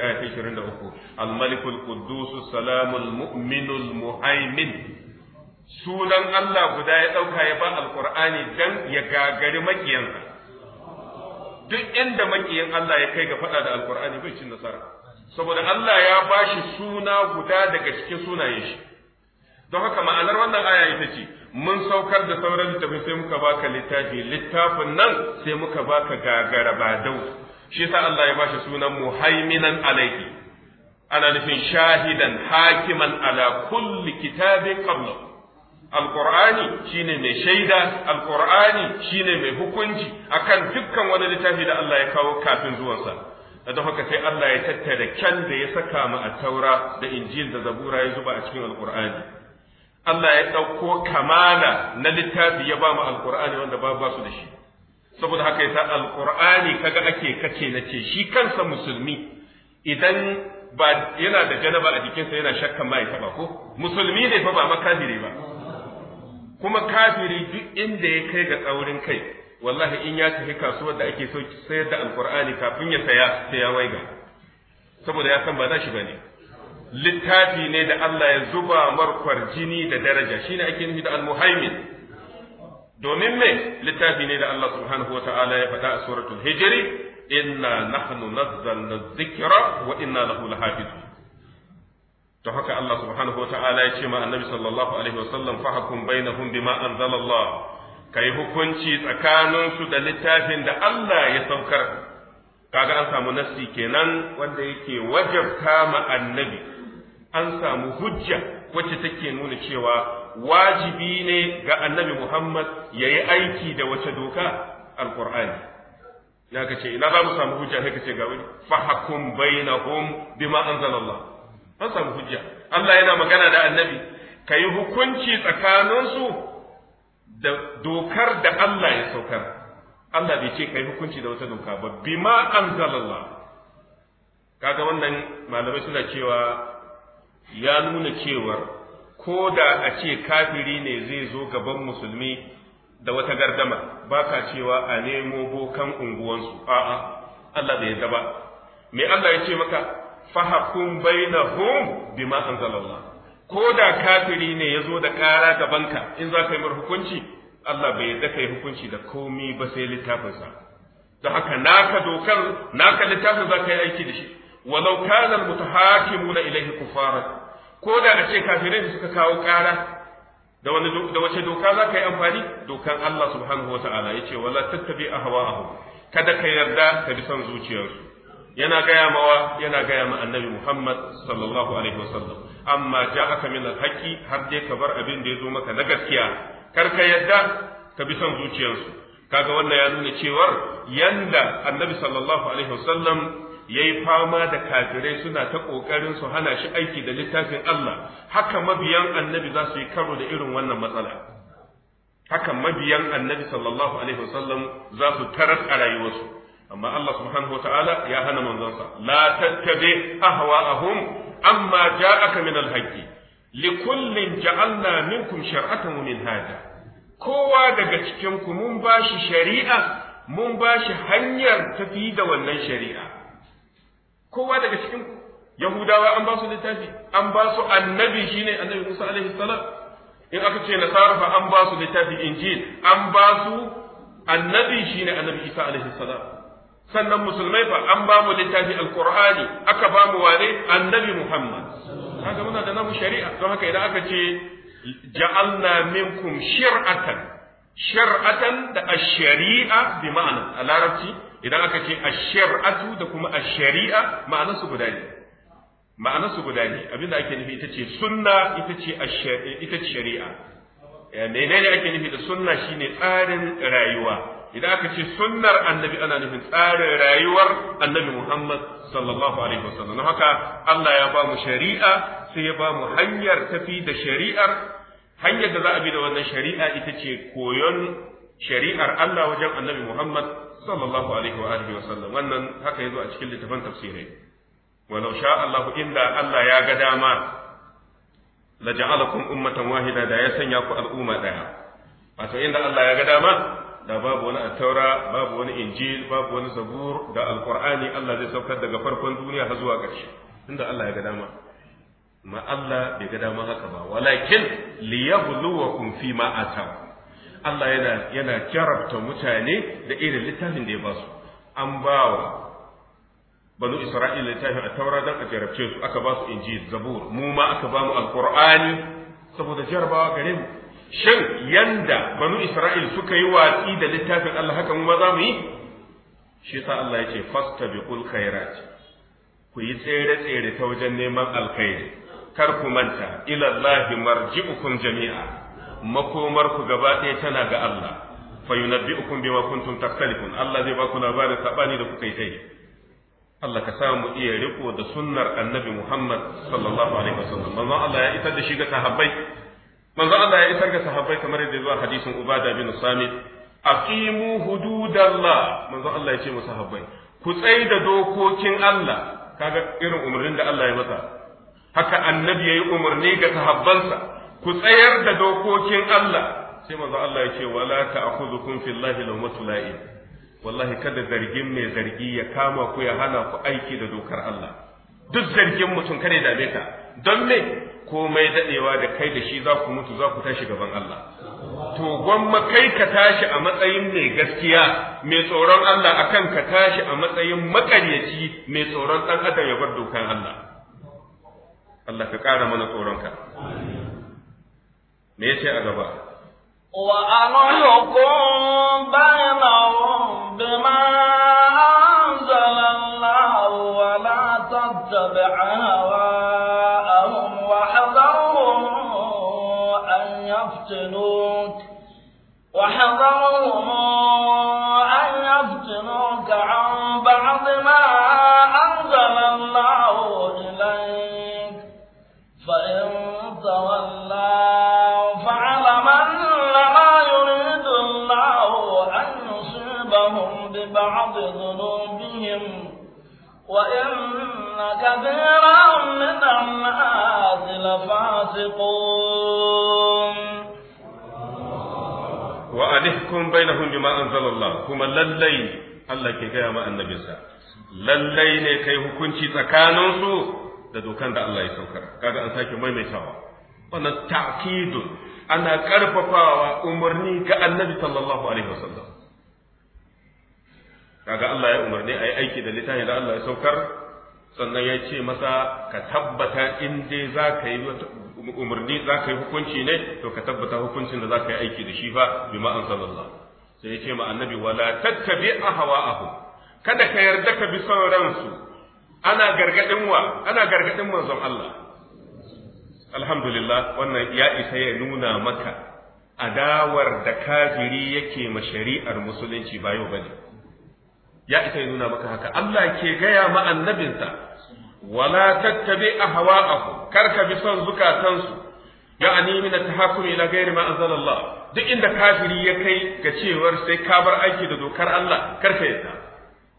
da uku, al malikul quddus salamul mu'minul muhaimin sunan Allah guda ya ɗauka ya ba alqur'ani dan ya gagari makiyansa duk inda makiyin Allah ya kai ga faɗa da alkur'ani bai cin nasara saboda Allah ya bashi suna guda daga cikin sunayen shi don haka ma'anar wannan aya ita ce mun saukar da sauran littafin sai muka baka littafi littafin nan sai muka baka gagara ba dau shi yasa Allah ya bashi sunan muhaiminan alayhi ana nufin shahidan hakiman ala kulli kitabin qablahu alqur'ani shine mai shaida alqur'ani shine mai hukunci akan dukkan wani littafi da Allah ya kawo kafin zuwansa da haka sai Allah ya tattara kyan da ya saka mu a taura da injil da zabura ya zuba a cikin alqur'ani Allah ya ɗauko kamala na littafi ya ba mu alqur'ani wanda ba su da shi saboda haka yasa alqur'ani kaga ake kace nace shi kansa musulmi idan ba yana da janaba a jikinsa yana shakkan ma ya taba ko musulmi ne fa ba makafiri ba kuma kafiri duk inda ya kai ga tsaurin kai wallahi in ya tafi kasuwar da ake so sayar da alkur'ani kafin ya saya sai ya waiga saboda ya san ba nashi bane littafi ne da Allah ya zuba markwar jini da daraja shine ake nufi da almuhaimin domin me littafi ne da Allah subhanahu wataala ya faɗa a suratul hijri inna nahnu nazzalna dhikra wa inna lahu lahafizun don haka Allah subhanahu ta'ala ya ce ma annabi sallallahu alaihi wasallam fahkum bainahum bima anzalallah kai hukunci tsakaninsu da littafin da Allah ya saukar kaga an samu nassi kenan wanda yake wajabta ma annabi an samu hujja wacce take nuna cewa wajibi ne ga annabi Muhammad ya yi aiki da wace doka alƙur'ani Ina ka ce ina za mu samu hujja sai ka ce ga wani fahakun bainahum bima anzalallah an samu hujja Allah yana magana da annabi ka yi hukunci tsakaninsu da dokar da Allah ya saukar Allah bai ce ka yi hukunci da wata doka ba bima anzalallah kaga wannan malamai suna cewa ya nuna cewar ko da a ce kafiri ne zai zo gaban musulmi da wata gardama ba ka cewa a nemo bokan unguwansu a'a Allah bai yarda ba me Allah ya ce maka fahkum bainahum bima anzalallah ko da kafiri ne ya zo da ƙara gabanka in za ka yi mar hukunci Allah bai yarda kai hukunci da komi ba sai littafinsa Da haka naka dokar naka littafin za ka yi aiki da shi walau kana almutahakimuna ilayhi kufaran ko da a ce kafirai suka kawo ƙara da wani da wace doka za ka yi amfani dokan Allah subhanahu wa ta'ala ya ce wala tattabi ahwa'ahum kada ka yarda ka bi son zuciyarsu yana gaya mawa yana gaya ma annabi Muhammad sallallahu alaihi wasallam amma ja'aka min al har dai ka bar abin da ya zo maka na gaskiya kar ka yadda ka bi son zuciyarsu kaga wannan ya nuna cewar yanda annabi sallallahu alaihi wasallam yayi fama da kafirai suna ta kokarin su hana shi aiki da littafin Allah haka mabiyan annabi za su yi karo da irin wannan matsala haka mabiyan annabi sallallahu alaihi wasallam za su tarar a rayuwarsu amma Allah subhanahu wataala ya hana manzonsa la a ahwa'ahum amma ja'aka min al-haqqi likullin ja'alna minkum shar'atan wa minhaja kowa daga cikin ku mun bashi shari'a mun bashi hanyar tafi da wannan shari'a kowa daga cikin yahudawa an ba su littafi an ba su annabi shine annabi Musa alaihi salam in aka ce na sarrafa an ba su littafi injil an ba su annabi Isa sannan musulmai fa an ba mu littafi alqur'ani aka ba mu wane annabi muhammad kaga muna da namu shari'a don haka idan aka ce ja'alna minkum shir'atan shir'atan da ash-shari'a bi ma'ana a larabci idan aka ce ash-shir'atu da kuma ash-shari'a ma'anar su guda ne ma'anar su guda ne abinda ake nufi ita ce sunna ita ce ita ce shari'a eh, menene ake nufi da sunna shine tsarin rayuwa idan aka ce sunnar annabi ana nufin tsarin rayuwar annabi Muhammad sallallahu alaihi wasallam haka Allah ya ba mu shari'a sai ya ba mu hanyar tafi da shari'ar hanyar da za a bi da wannan shari'a ita ce koyon shari'ar Allah wajen annabi Muhammad sallallahu alaihi wa alihi wasallam wannan haka yazo a cikin littafin tafsirai walau sha Allah inda Allah ya ga dama la ja'alakum ummatan wahida da ya sanya ku al'umma daya wato inda Allah ya ga dama da babu wani attaura babu wani injil babu wani zabur da alkur'ani Allah zai saukar daga farkon duniya har zuwa ƙarshe inda Allah ya ga dama ma Allah bai ga dama haka ba walakin liyabluwakum fi ma atam Allah yana yana jarabta mutane da irin littafin da ya ba su an ba wa banu Isra'ila littafin attaura dan a jarabce su aka ba su injil zabur mu ma aka ba mu saboda jarabawa gare mu shin yanda banu Isra'il suka yi watsi da littafin Allah haka mu za mu yi shi sa Allah ya ce bi khairat ku yi tsere tsere ta wajen neman alkhairi kar ku manta ilallahi Allah marji'ukum jami'a makomar ku gaba ɗaya tana ga Allah fa yunabbi'ukum bima kuntum taktalifun Allah zai ba ku labarin sabani da kuka yi tai Allah ka samu iya riko da sunnar annabi Muhammad sallallahu alaihi wasallam manzon Allah ya isar da shi ga sahabbai manzo Allah ya isar ga sahabbai kamar yadda zuwa hadisin Ubada bin Samit aqimu hududallah manzo Allah ya ce mu sahabbai ku da dokokin Allah kaga irin umarnin da Allah ya masa haka annabi yayi umarni ga sahabbansa ku tsayar da dokokin Allah sai manzo Allah ya ce wala ta'khudhukum fillahi lawmatu la'in wallahi kada zargin mai zargi ya kama ku ya hana ku aiki da dokar Allah duk zargin mutum kare dame ka don me komai dadewa da kai da shi za ku mutu za ku tashi gaban Allah to gwamma kai ka tashi a matsayin mai gaskiya mai tsoron Allah akan ka tashi a matsayin maƙaryaci mai tsoron dan adam ya bar dokan Allah Allah ka ƙara mana tsoronka me yace a gaba wa amalukum bainahum bima anzalallahu wa la tattabi'a يفتنوك وحذرهم أن يفتنوك عن بعض ما أنزل الله إليك فإن تولوا فاعلم لا يريد الله أن يصيبهم ببعض ذنوبهم وإن كثيرا من الناس لفاسقون wa alihkum bainahum bima anzalallah kuma lallai Allah ke gaya ma annabinsa lallai ne kai hukunci tsakaninsu da dokan da Allah ya saukar kaga an sake maimaitawa wannan ta'kidun ana karfafawa umarni ga annabi sallallahu alaihi wasallam kaga Allah ya umarni ayi aiki da littafin da Allah ya saukar sannan ya ce masa ka tabbata in dai za ka yi umarni za ka yi hukunci ne to ka tabbata hukuncin da za ka yi aiki da shi fa bi ma'an sai ya ce ma annabi wala tattabi ahwa'ahu kada ka yarda ka bi son ransu ana gargadin wa ana gargadin manzon Allah alhamdulillah wannan ya isa ya nuna maka adawar da kafiri yake ma shari'ar musulunci ba yau bane ya isa ya nuna maka haka Allah ke gaya ma annabinsa wala tattabi ahwa'ahum kar ka bi son zukatansu ya'ani min ta tahakkum ila ghairi ma anzala Allah duk inda kafiri ya kai ga cewar sai ka bar aiki da dokar Allah kar ka yadda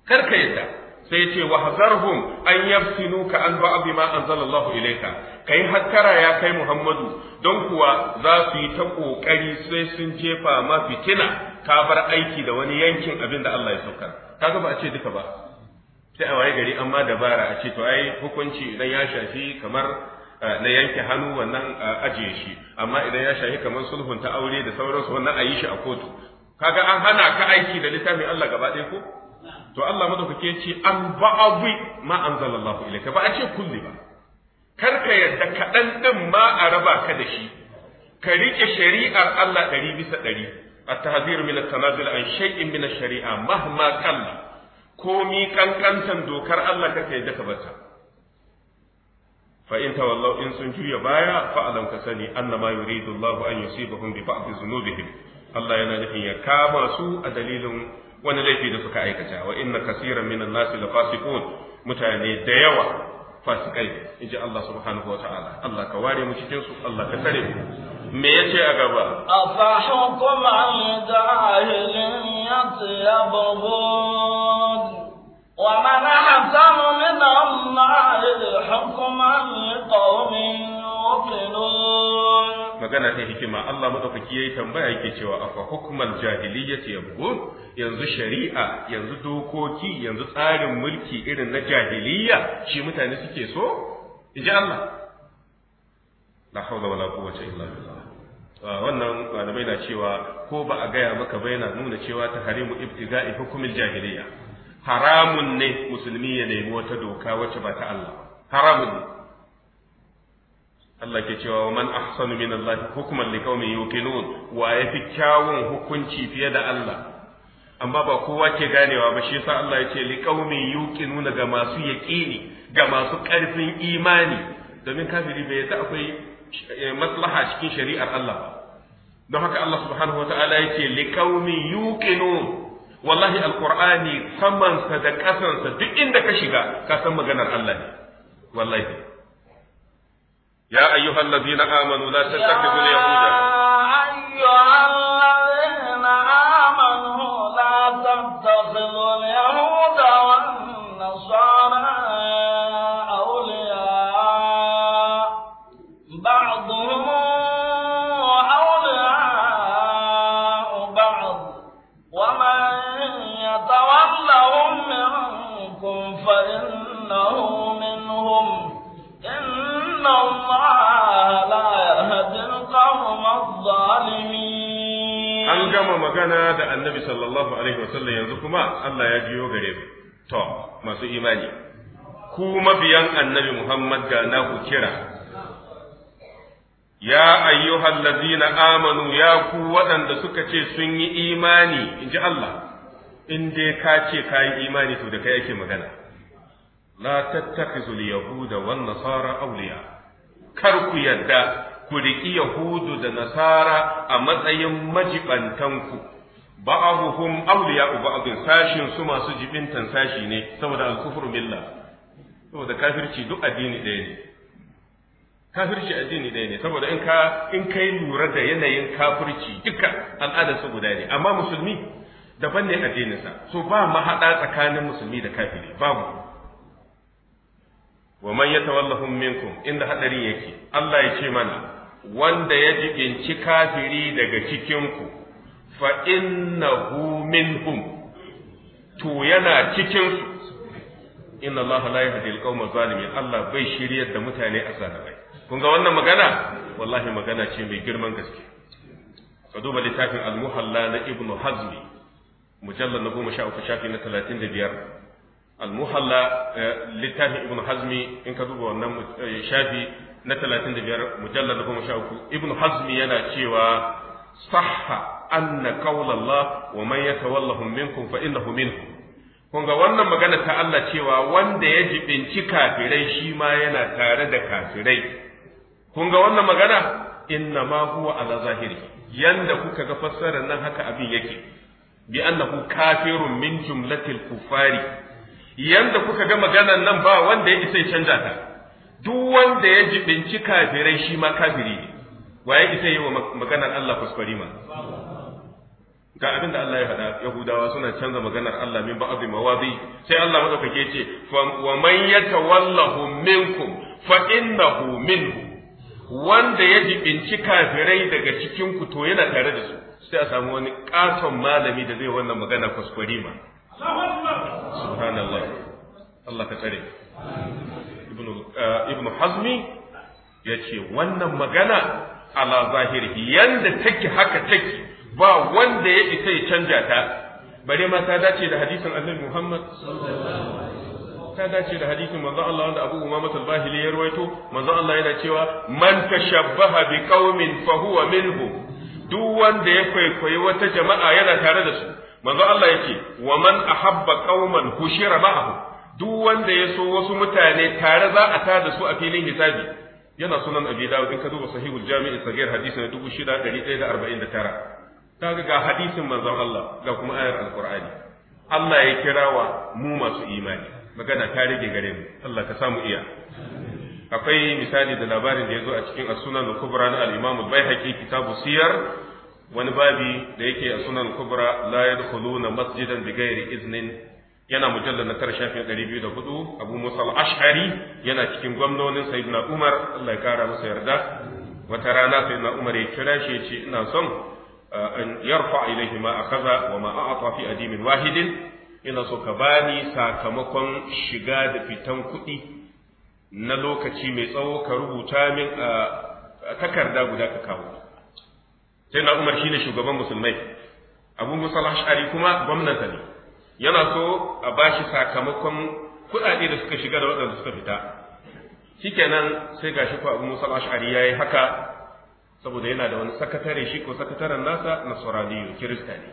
kar ka yadda sai ce wa hazarhum an yaftinuka an ba'd ma anzala Allah ilayka kai hakkara ya kai Muhammadu don kuwa za su yi ta kokari sai sun jefa ma fitina ka bar aiki da wani yankin abinda Allah ya saukar kaga ba a ce duka ba sai a waye gari amma dabara a ce to ai hukunci idan ya shafi kamar na yanke hannu wannan ajiye shi amma idan ya shafi kamar sulhun ta aure da sauransu wannan a yi shi a kotu kaga an hana ka aiki da littafin Allah gaba ɗaya ko to Allah madaukake ce an ba'awi ma anzalallahu ilayka ba a ce kulli ba kar ka yadda kaɗan ɗin ma a raba ka da shi ka riƙe shari'ar Allah ɗari bisa ɗari A tahziru min at an shay'in min sharia mahma komi ƙanƙantan dokar Allah kaka yi ka bata fa in sun juya baya fa ka sani annama yuridu Allahu an yusibahum Allah yana nufin ya kama su a dalilin wani laifi da suka aikata wa inna kaseeran minan nasi lafasiqun mutane da yawa fasikai inji Allah subhanahu wa ta'ala Allah ka ware mu cikin Allah ka tare me yace a gaba A fashin kuma an jahilin babu wa man ahsanu min Allah hukman liqaumin wakilu magana ta hikima Allah madaukaki yayi tambaya yake cewa afa hukmal jahiliyyati yabghun yanzu shari'a yanzu dokoki yanzu tsarin mulki irin na jahiliyya shi mutane suke so inji Allah la hawla wala quwwata illa billah Ah, wannan malamai na cewa ko ba a gaya maka ba yana nuna cewa ta harimu ibtiga'i hukumin jahiliya haramun ne musulmi ya nemi wata doka wacce ba ta Allah haramun ne Allah ke cewa wa man ahsanu min Allah hukuman liqaumin yuqinun wa yafi kyawun hukunci fiye da Allah amma ba kowa ke ganewa ba shi yasa Allah ya ce liqaumin yuqinun ga masu yaqini ga masu karfin imani domin kafiri bai yadda akwai maslaha cikin shari'ar Allah ba don haka Allah subhanahu wata'ala ya ce liqaumin yuqinun wallahi alqur'ani samansa da kasansa duk inda ka shiga ka san maganar Allah ne wallahi ya ayyuhal ladina amanu la tattakhidhu yahuda تتخذوا اليهود والنصارى an gama magana da annabi sallallahu alaihi wasallam yanzu kuma Allah ya biyo gare mu masu imani ku mabiyan annabi Muhammad ga na ku kira ya ayyuhal ladina amanu ya ku waɗanda suka ce sun yi imani in ji Allah in dai ka ce ka yi imani su da kai yake magana la tattakhizu al-yahuda wan nasara awliya kar ku yarda. ku riƙi yahudu da nasara a matsayin majibantanku ba'ahuhum uba abin. sashin su masu jibintan sashi ne saboda al-kufru billah saboda kafirci duk addini ɗaya ne kafirci addini ɗaya ne saboda in ka in kai lura da yanayin kafirci duka al'adar su guda ne amma musulmi daban ne addininsa so ba mahaɗa tsakanin musulmi da kafiri babu wa man yatawallahum minkum inda hadarin yake Allah ya ce mana wanda ya jibinci kafiri daga cikinku fa innahu minhum to yana cikinsu inna Allah la yahdi al-qawma zalimin Allah bai shiryar da mutane a zalimai kun ga wannan magana wallahi magana ce mai girman gaske ka duba littafin al-muhalla na ibnu hazmi mujallal na goma sha uku shafi na talatin da biyar al-muhalla eh, littafin ibnu hazmi in ka duba wannan eh, shafi na 35 mujallar na sha uku ibnu hazmi yana cewa sahha anna qawla Allah wa man yatawallahum minkum fa innahu minhum kun ga wannan magana ta Allah cewa wanda ya jibinci kafirai shi ma yana tare da kafirai kun ga wannan magana inna ma huwa ala zahiri yanda kuka ga fassarar nan haka abin yake bi annahu kafirun min jumlatil kufari yanda kuka ga maganar nan ba wanda ya isa ya canja ta duk wanda ya jibinci kafirai shi ma kafiri ne waye isa yi wa maganar Allah kuskure ma ga abin da Allah ya faɗa Yahudawa suna canza maganar Allah min ba'd mawadi sai Allah madaukake ce wa man yatawallahu minkum fa innahu minhu wanda ya jibinci kafirai daga cikin ku to yana tare da su sai a samu wani ƙaton malami da zai wannan magana kuskure ma subhanallah Allah ka tsare ibn eh, hazmi ya ce wannan magana ala zahiri yanda take haka take ba wanda ya isa ya canja ta bare ma ta dace da hadisin annabi muhammad ta dace da hadisin manzo Allah wanda Abu Umama al-Bahili ya ruwaito manzo Allah yana cewa man tashabbaha bi qaumin fa huwa minhum duk wanda ya kwaikwayi wata jama'a yana tare da su manzo Allah yake wa man ahabba qauman hushira ma'ahu duk wanda ya so wasu mutane tare za a tada su a filin hisabi yana sunan abi dawud in ka duba sahihul jami'i sagir hadisi na 6149 kaga ga hadisin manzon Allah ga kuma ayar alqur'ani Allah ya kirawa mu masu imani magana ta rage gare mu Allah ka samu iya akwai misali da labarin da ya zo a cikin as-sunan al-kubra na al-imam al-baihaqi kitabu siyar wani babi da yake a sunan kubra la yadkhuluna masjidan bighairi iznin yana mujallar na tara shafin ɗari biyu da hudu abu musa al yana cikin gwamnonin sayyidina umar allah ya kara masa yarda wata rana sayyidina umar ya kira shi ya ce ina son uh, an yarfa ilaihi ma akaza wa ma a'ata fi adimin wahidin ina so ka bani sakamakon shiga da fitan kuɗi na lokaci mai tsawo ka rubuta min a uh, takarda guda ka kawo sai na umar shine shugaban musulmai abu musa al kuma gwamnata ne yana so a bashi sakamakon kuɗaɗe da suka shiga da waɗanda suka fita kenan sai gashi ko Abu Musa al-Ash'ari yayi haka saboda yana da wani sakatare shi ko sakataren nasa nasrani kirista ne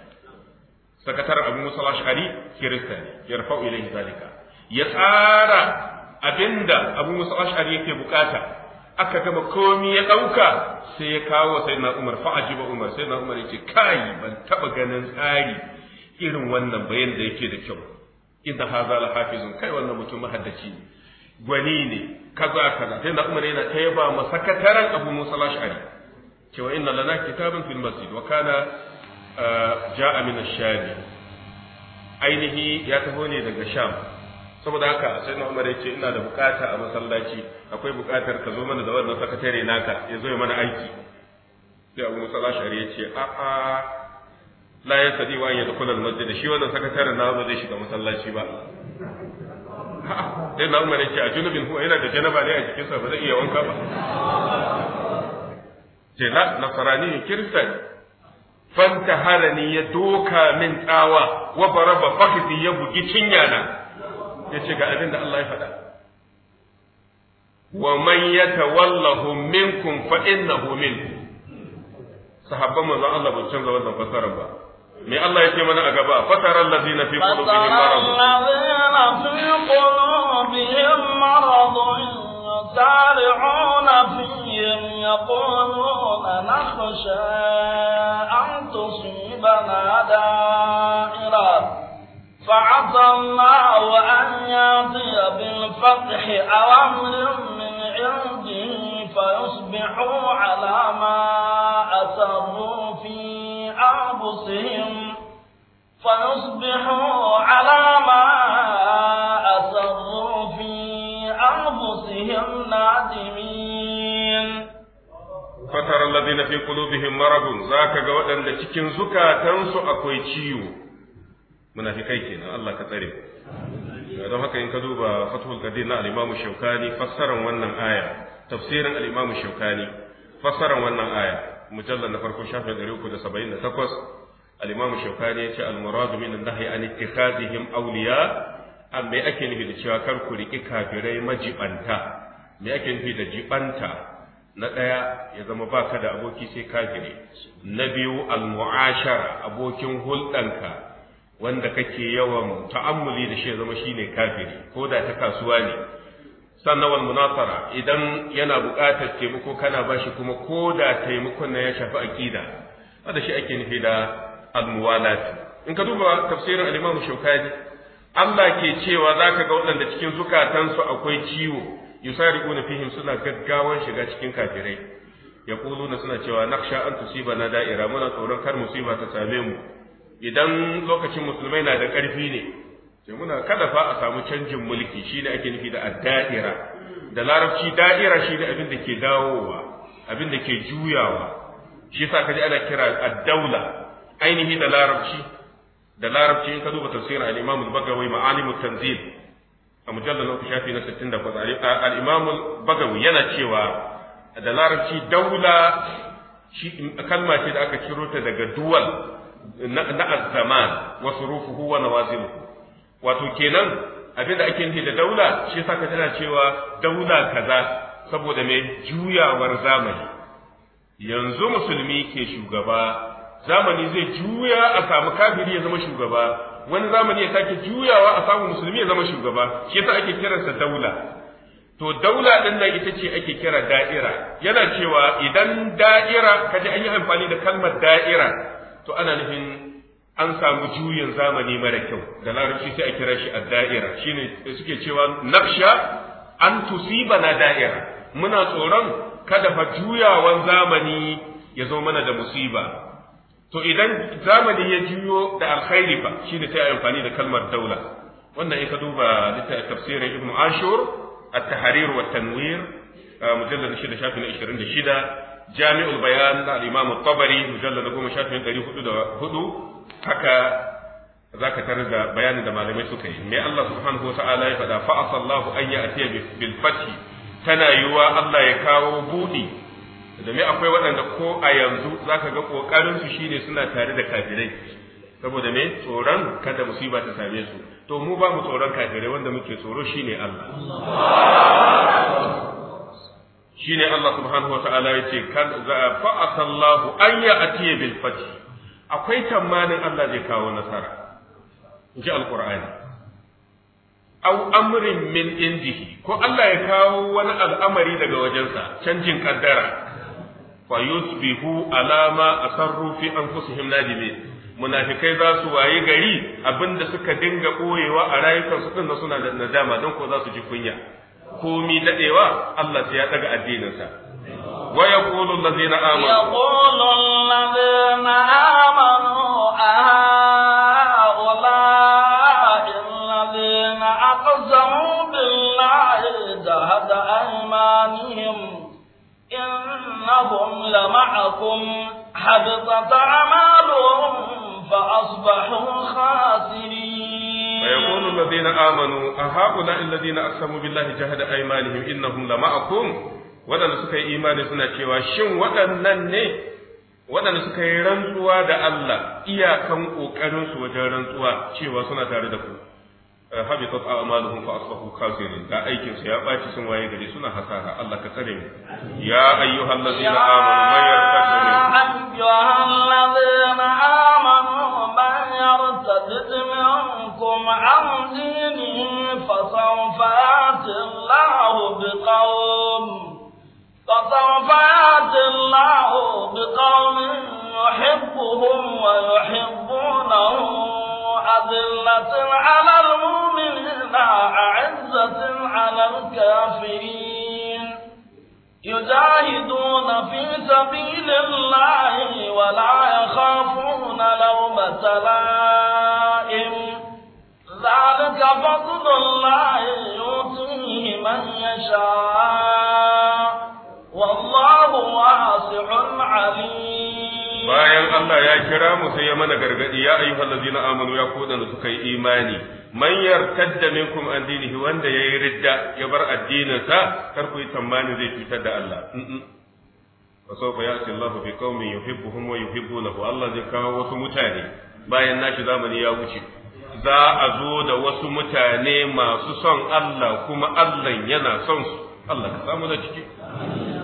sakataren Abu Musa al-Ash'ari kirista ne rafa ilayhi zalika ya tsara abinda Abu Musa al-Ash'ari yake bukata aka gama komi ya ɗauka sai ya kawo sai na umar fa'aji ba umar sai na umar ya ce kai ban taɓa ganin tsari irin wannan bayan da yake da kyau inna hadha la hafizun kai wannan mutum mahaddaci ne gwani ne kaza kaza sai na umar yana ta yaba ma sakataren abu musa lashari cewa inna lana kitabun fil masjid wa kana uh, ja'a min ash-shami ainihi ya taho ne daga sham saboda haka sai na umar yace ina da bukata a masallaci akwai bukatar ka zo mana da wannan sakatare naka ya zo mana aiki sai abu musa lashari yace a'a la ya sadi wa ya dukula masjid shi wannan sakataren na ba zai shiga masallaci ba sai na umar yake a junubin huwa. yana da janaba ne a jikinsa ba zai iya wanka ba ce la nasarani ne kirista fanta harani ya doka min tsawa wa baraba fakiti ya bugi cinya na ya ce ga abin da Allah ya faɗa wa man yatawallahu minkum fa innahu minkum sahabban manzon Allah ba canza wannan fasarar ba me Allah ya ce mana a gaba fatara allazina fi qulubihim maradun يسارعون فيهم يقولون نخشى أن تصيبنا دائرة فعسى الله أن يأتي بالفتح أو أمر من عنده فيصبحوا على ما أسروا فيه أنفسهم فيصبحوا على ما أسروا في أنفسهم نادمين فترى الذين في قلوبهم مرض ذاك قولا لتكن زكاة تنسو أكوي تشيو munafikai kenan Allah ka tsare don haka in ka duba fathul qadir na al-imamu shaukani fassaran wannan aya tafsirin al-imamu shaukani fassaran wannan aya mujallar na farko shafi 378 al-imam shaukani yace al-murad min an-nahy an ittikhadihim awliya an me ake nufi da cewa kar ku riki kafirai majibanta me ake nufi da jibanta na ɗaya ya zama baka da aboki sai kafiri na biyu al muashar abokin hulɗanka wanda kake yawan ta'ammuli da shi ya zama shine kafiri ko da ta kasuwa ne sannan wal munasara idan yana buƙatar taimako kana ba shi kuma ko da taimakon na ya shafi aqida wanda shi ake nufi da al-muwalat in ka duba tafsirin al-Imam Shawkani Allah ke cewa zaka ga waɗanda cikin zukatansu akwai ciwo yusariquna fihim suna gaggawan shiga cikin kafirai yaquluna suna cewa nakhsha an tusibana da'ira muna tsoron kar musiba ta same mu idan lokacin musulmai na da ƙarfi ne sai muna kada fa a samu canjin mulki shine ake nufi da adda'ira da larabci da'ira ne abin da ke dawowa abin da ke juyawa shi yasa kaji ana kira ad-daula ainihi da larabci da larabci in ka duba tafsirin al-Imam al-Bagawi ma'alim tanzil a mujallal uku shafi na 64 al-Imam al-Bagawi yana cewa da larabci daula shi kalma ce da aka ciro ta daga duwal na azzaman wasu rufuhu wa nawaziluhu wato kenan abin da ake nufi da daula shi yasa ka tana cewa daula kaza saboda mai juyawar zamani yanzu musulmi ke shugaba zamani zai juya a samu kafiri ya zama shugaba wani zamani ya sake juyawa a samu musulmi ya zama shugaba shi yasa ake kiransa daula to daula din nan ita ce ake kira da'ira yana cewa idan da'ira kaje an yi amfani da kalmar da'ira to ana nufin an samu juyin zamani mara kyau da larabci sai a kira shi a da'ira shine suke cewa nafsha an tusiba na da'ira muna tsoron kada fa juyawan zamani ya zo mana da musiba to idan zamani ya juyo da alkhairi fa shine sai a amfani da kalmar daula wannan in ka duba tafsirin ibnu ashur at-tahrir wa tanwir mujallad 6 shafin 26 jami'ul bayan da al-imam at-tabari mujallad 10 shafin 404 haka za ka tarar da bayanin da malamai suka yi mai Allah subhanahu ta'ala ya faɗa fa asallahu an ya atiya bil fathi tana yiwa Allah ya kawo da mai akwai waɗanda ko a yanzu zaka ga kokarin su shine suna tare da kafirai saboda me tsoron kada musiba ta same su to mu ba mu tsoron kafirai wanda muke tsoro shine Allah shine Allah subhanahu wa ya ce kan za fa asallahu an ya atiya bil fathi akwai tamanin Allah zai kawo nasara ji alqur'ani aw amrin min indihi ko Allah ya kawo wani al'amari daga wajensa canjin ƙaddara. fa yusbihu alama ma asarru fi anfusihim nadimin munafikai za su waye gari abinda suka dinga ɓoyewa a rayukansu din suna da nadama don ko za su ji kunya komi daɗewa Allah sai ya ɗaga addininsa ويقول الذين آمنوا يقول الذين آمنوا هؤلاء الذين أقسموا بالله جهد أيمانهم إنهم لمعكم حبطت أعمالهم فأصبحوا خاسرين ويقول الذين آمنوا أهؤلاء الذين أقسموا بالله جهد أيمانهم إنهم لمعكم waɗanda suka yi imani suna cewa shin waɗannan ne waɗanda suka yi rantsuwa da Allah iyakan ƙoƙarinsu wajen rantsuwa cewa suna tare da ku eh, habitat a'maluhum fa asbahu khasirin da aikin su ya baci sun waye gari suna hasara Allah ka tsare mu ya ayyuhallazina amanu man yartadda ya amanu man yartadda فسوف الله بقوم يحبهم ويحبونه أذلة على المؤمنين أعزة على الكافرين يجاهدون في سبيل الله ولا يخافون لومة لائم ذلك فضل الله يؤتيه من يشاء bayan Allah ya kira mu sai ya mana gargadi ya ayyuhal ladzina amanu ya ku da suka yi imani man yartadda minkum an dinihi wanda yayi ridda ya bar addininsa kar ku yi tsammani zai cutar da Allah wa sawfa ya'ti Allahu bi qaumin yuhibbuhum wa yuhibbunahu Allah zai kawo wasu mutane bayan nashi zamani ya wuce za a zo da wasu mutane masu son Allah kuma Allah yana son su Allah ka samu da ciki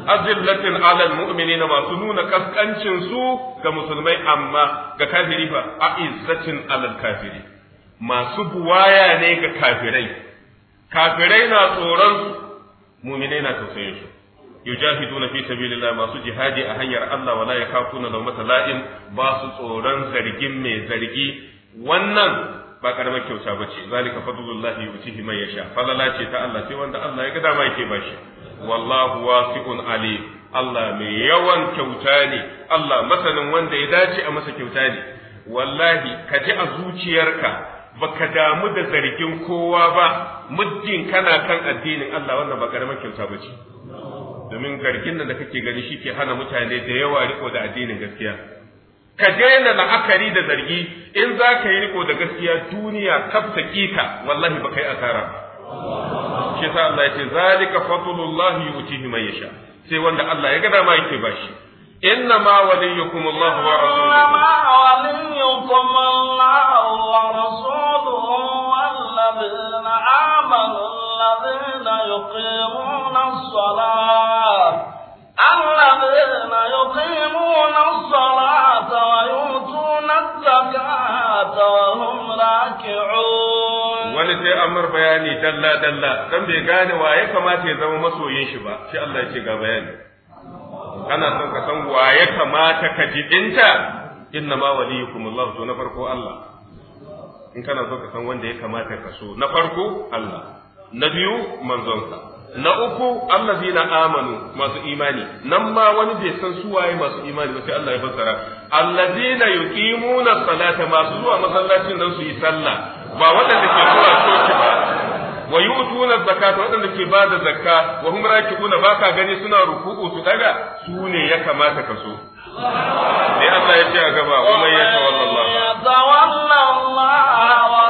azillatin alal na masu nuna kaskancin su ga musulmai amma ga kafiri fa izzatin alal kafiri masu buwaya ne ga kafirai kafirai na tsoron su mu'minai na tausayin su yujahiduna fi sabilillah masu jihadi a hanyar Allah wala yakhafuna mata la'im ba su tsoron zargin mai zargi wannan ba karamar kyauta ba ce zalika fadlullahi yutihi man yasha falala ce ta Allah sai wanda Allah ya ga dama yake bashi wallahu wasi'un Ali. Allah mai yawan kyauta ne Allah masanin wanda ya dace a masa kyauta ne wallahi ka ji a zuciyarka baka damu da zargin kowa ba muddin kana kan addinin Allah wannan ba karamar kyauta ba ce domin gargin da kake gani shi ke hana mutane da yawa riko da addinin gaskiya ka daina la'akari da zargi in za ka yi riko da gaskiya duniya kaf ta kika wallahi ba kai asara ba shi sa Allah ya yace zalika fadlullah yutihi man yasha sai wanda Allah ya ga dama yake bashi inna ma waliyukum Allah wa rasuluhu ma waliyukum Allah wa rasuluhu wallazina amanu allazina yuqimuna as-salata الذين يقيمون الصلاة ويؤتون الزكاة وهم راكعون wani sai an mar bayani dalla dalla dan bai gane wa ya kamata ya zama masoyin shi ba Shi Allah ya ce ga bayani kana son ka san wa ya kamata ka jibinta inna ma waliyukum Allah to na farko Allah in kana son ka san wanda ya kamata ka so na farko Allah na biyu manzonsa na uku na amanu masu imani nan ma wani bai san su waye masu imani ba sai Allah ya fassara allazina yuqimuna salata masu zuwa masallacin nan su yi sallah ba waɗanda ke zuwa soki ba wa na zakata waɗanda ke ba da zakka wa hum raki'una ba ka gani suna ruku'u su daga su ne ya kamata ka so sai Allah ya ce a gaba kuma ya tawalla Allah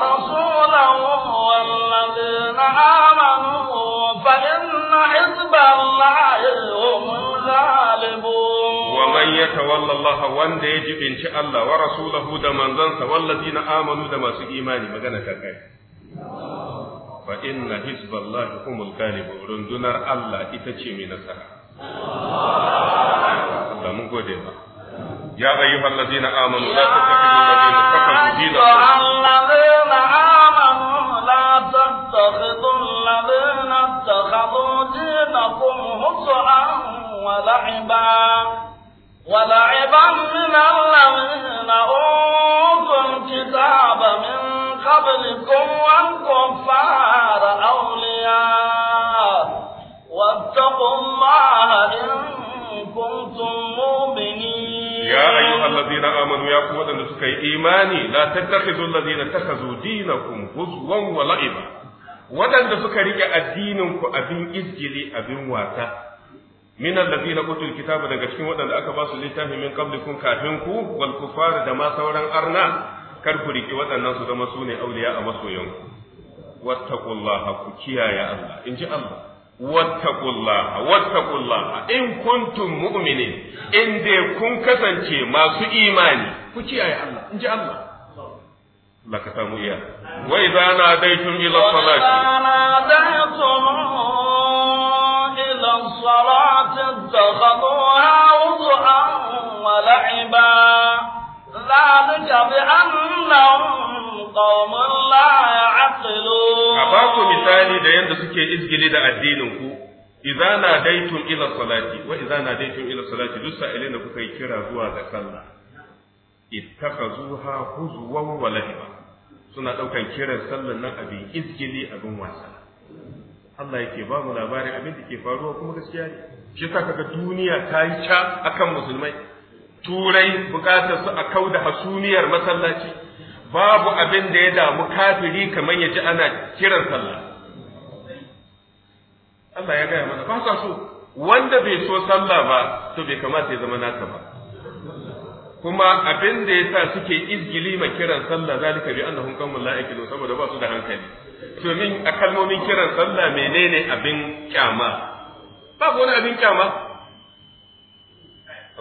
فإن حزب الله هم الغالبون ومن يتولى الله وند يجب إن شاء الله ورسوله دا من ذنس والذين آمنوا دا ما إيماني مغانا كاكاي فإن حزب الله هم الغالبون رندنر الله إتشي من السنة الله من قد يا أيها الذين آمنوا لا تتخذوا الذين كفروا دينكم الذين آمنوا لا تتخذوا اتخذوا هزءا ولعبا ولعبا من الذين أوتوا الكتاب من قبلكم والكفار أولياء واتقوا الله إن كنتم مؤمنين يا أيها الذين آمنوا يا قوة لسكي إيماني لا تتخذوا الذين اتخذوا دينكم هزوا ولعبا waɗanda suka rike addinin ku abin izgili abin wasa min allazina kutul kitaba daga cikin waɗanda aka ba su littafi min kun kafin ku wal kufar da ma sauran arna kar ku rike waɗannan su zama sune auliya a masoyanku wattaqullaha ku kiyaye Allah in ji Allah wattaqullaha wattaqullaha in kuntum mu'minin in dai kun kasance masu imani ku kiyaye Allah in ji Allah laka samu iya wa idza nadaytum ila salati nadaytum ila salati wa la'iba ذلك بأنهم قوم ila salati wa idza ila salati duk sa'ilin kuka yi kira zuwa ga sallah ittakhazuha huzwan wa suna ɗaukan kiran sallan nan abin izgili abin wasa Allah yake ba mu labarin abin da ke faruwa kuma gaskiya ne shi sa kaga duniya ta yi ca akan musulmai turai bukatar su a kauda hasumiyar masallaci babu abin da ya damu kafiri kamar ya ji ana kiran sallah Allah ya gaya mana ba sa so wanda bai so sallah ba to bai kamata ya zama naka ba kuma abin da ya sa suke izgili ma kiran sallah zalika bi annahum qaumun la yaqilun saboda ba su da hankali domin a kalmomin kiran sallah menene abin kyama babu ne abin kyama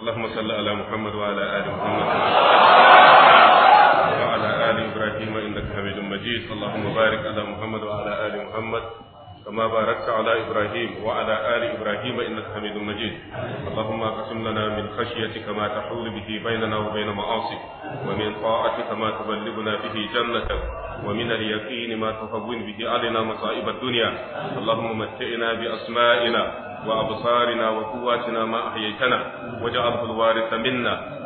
اللهم صل على محمد وعلى ال محمد وعلى ال ابراهيم انك حميد مجيد اللهم ala muhammad wa ala ال muhammad. كما باركت على إبراهيم وعلى آل إبراهيم إنك حميد مجيد اللهم اقسم لنا من خشيتك ما تحول به بيننا وبين معاصيك ومن طاعتك ما تبلغنا به جنتك ومن اليقين ما تهون به علينا مصائب الدنيا اللهم متئنا بأسمائنا وأبصارنا وقواتنا ما أحييتنا واجعله الوارث منا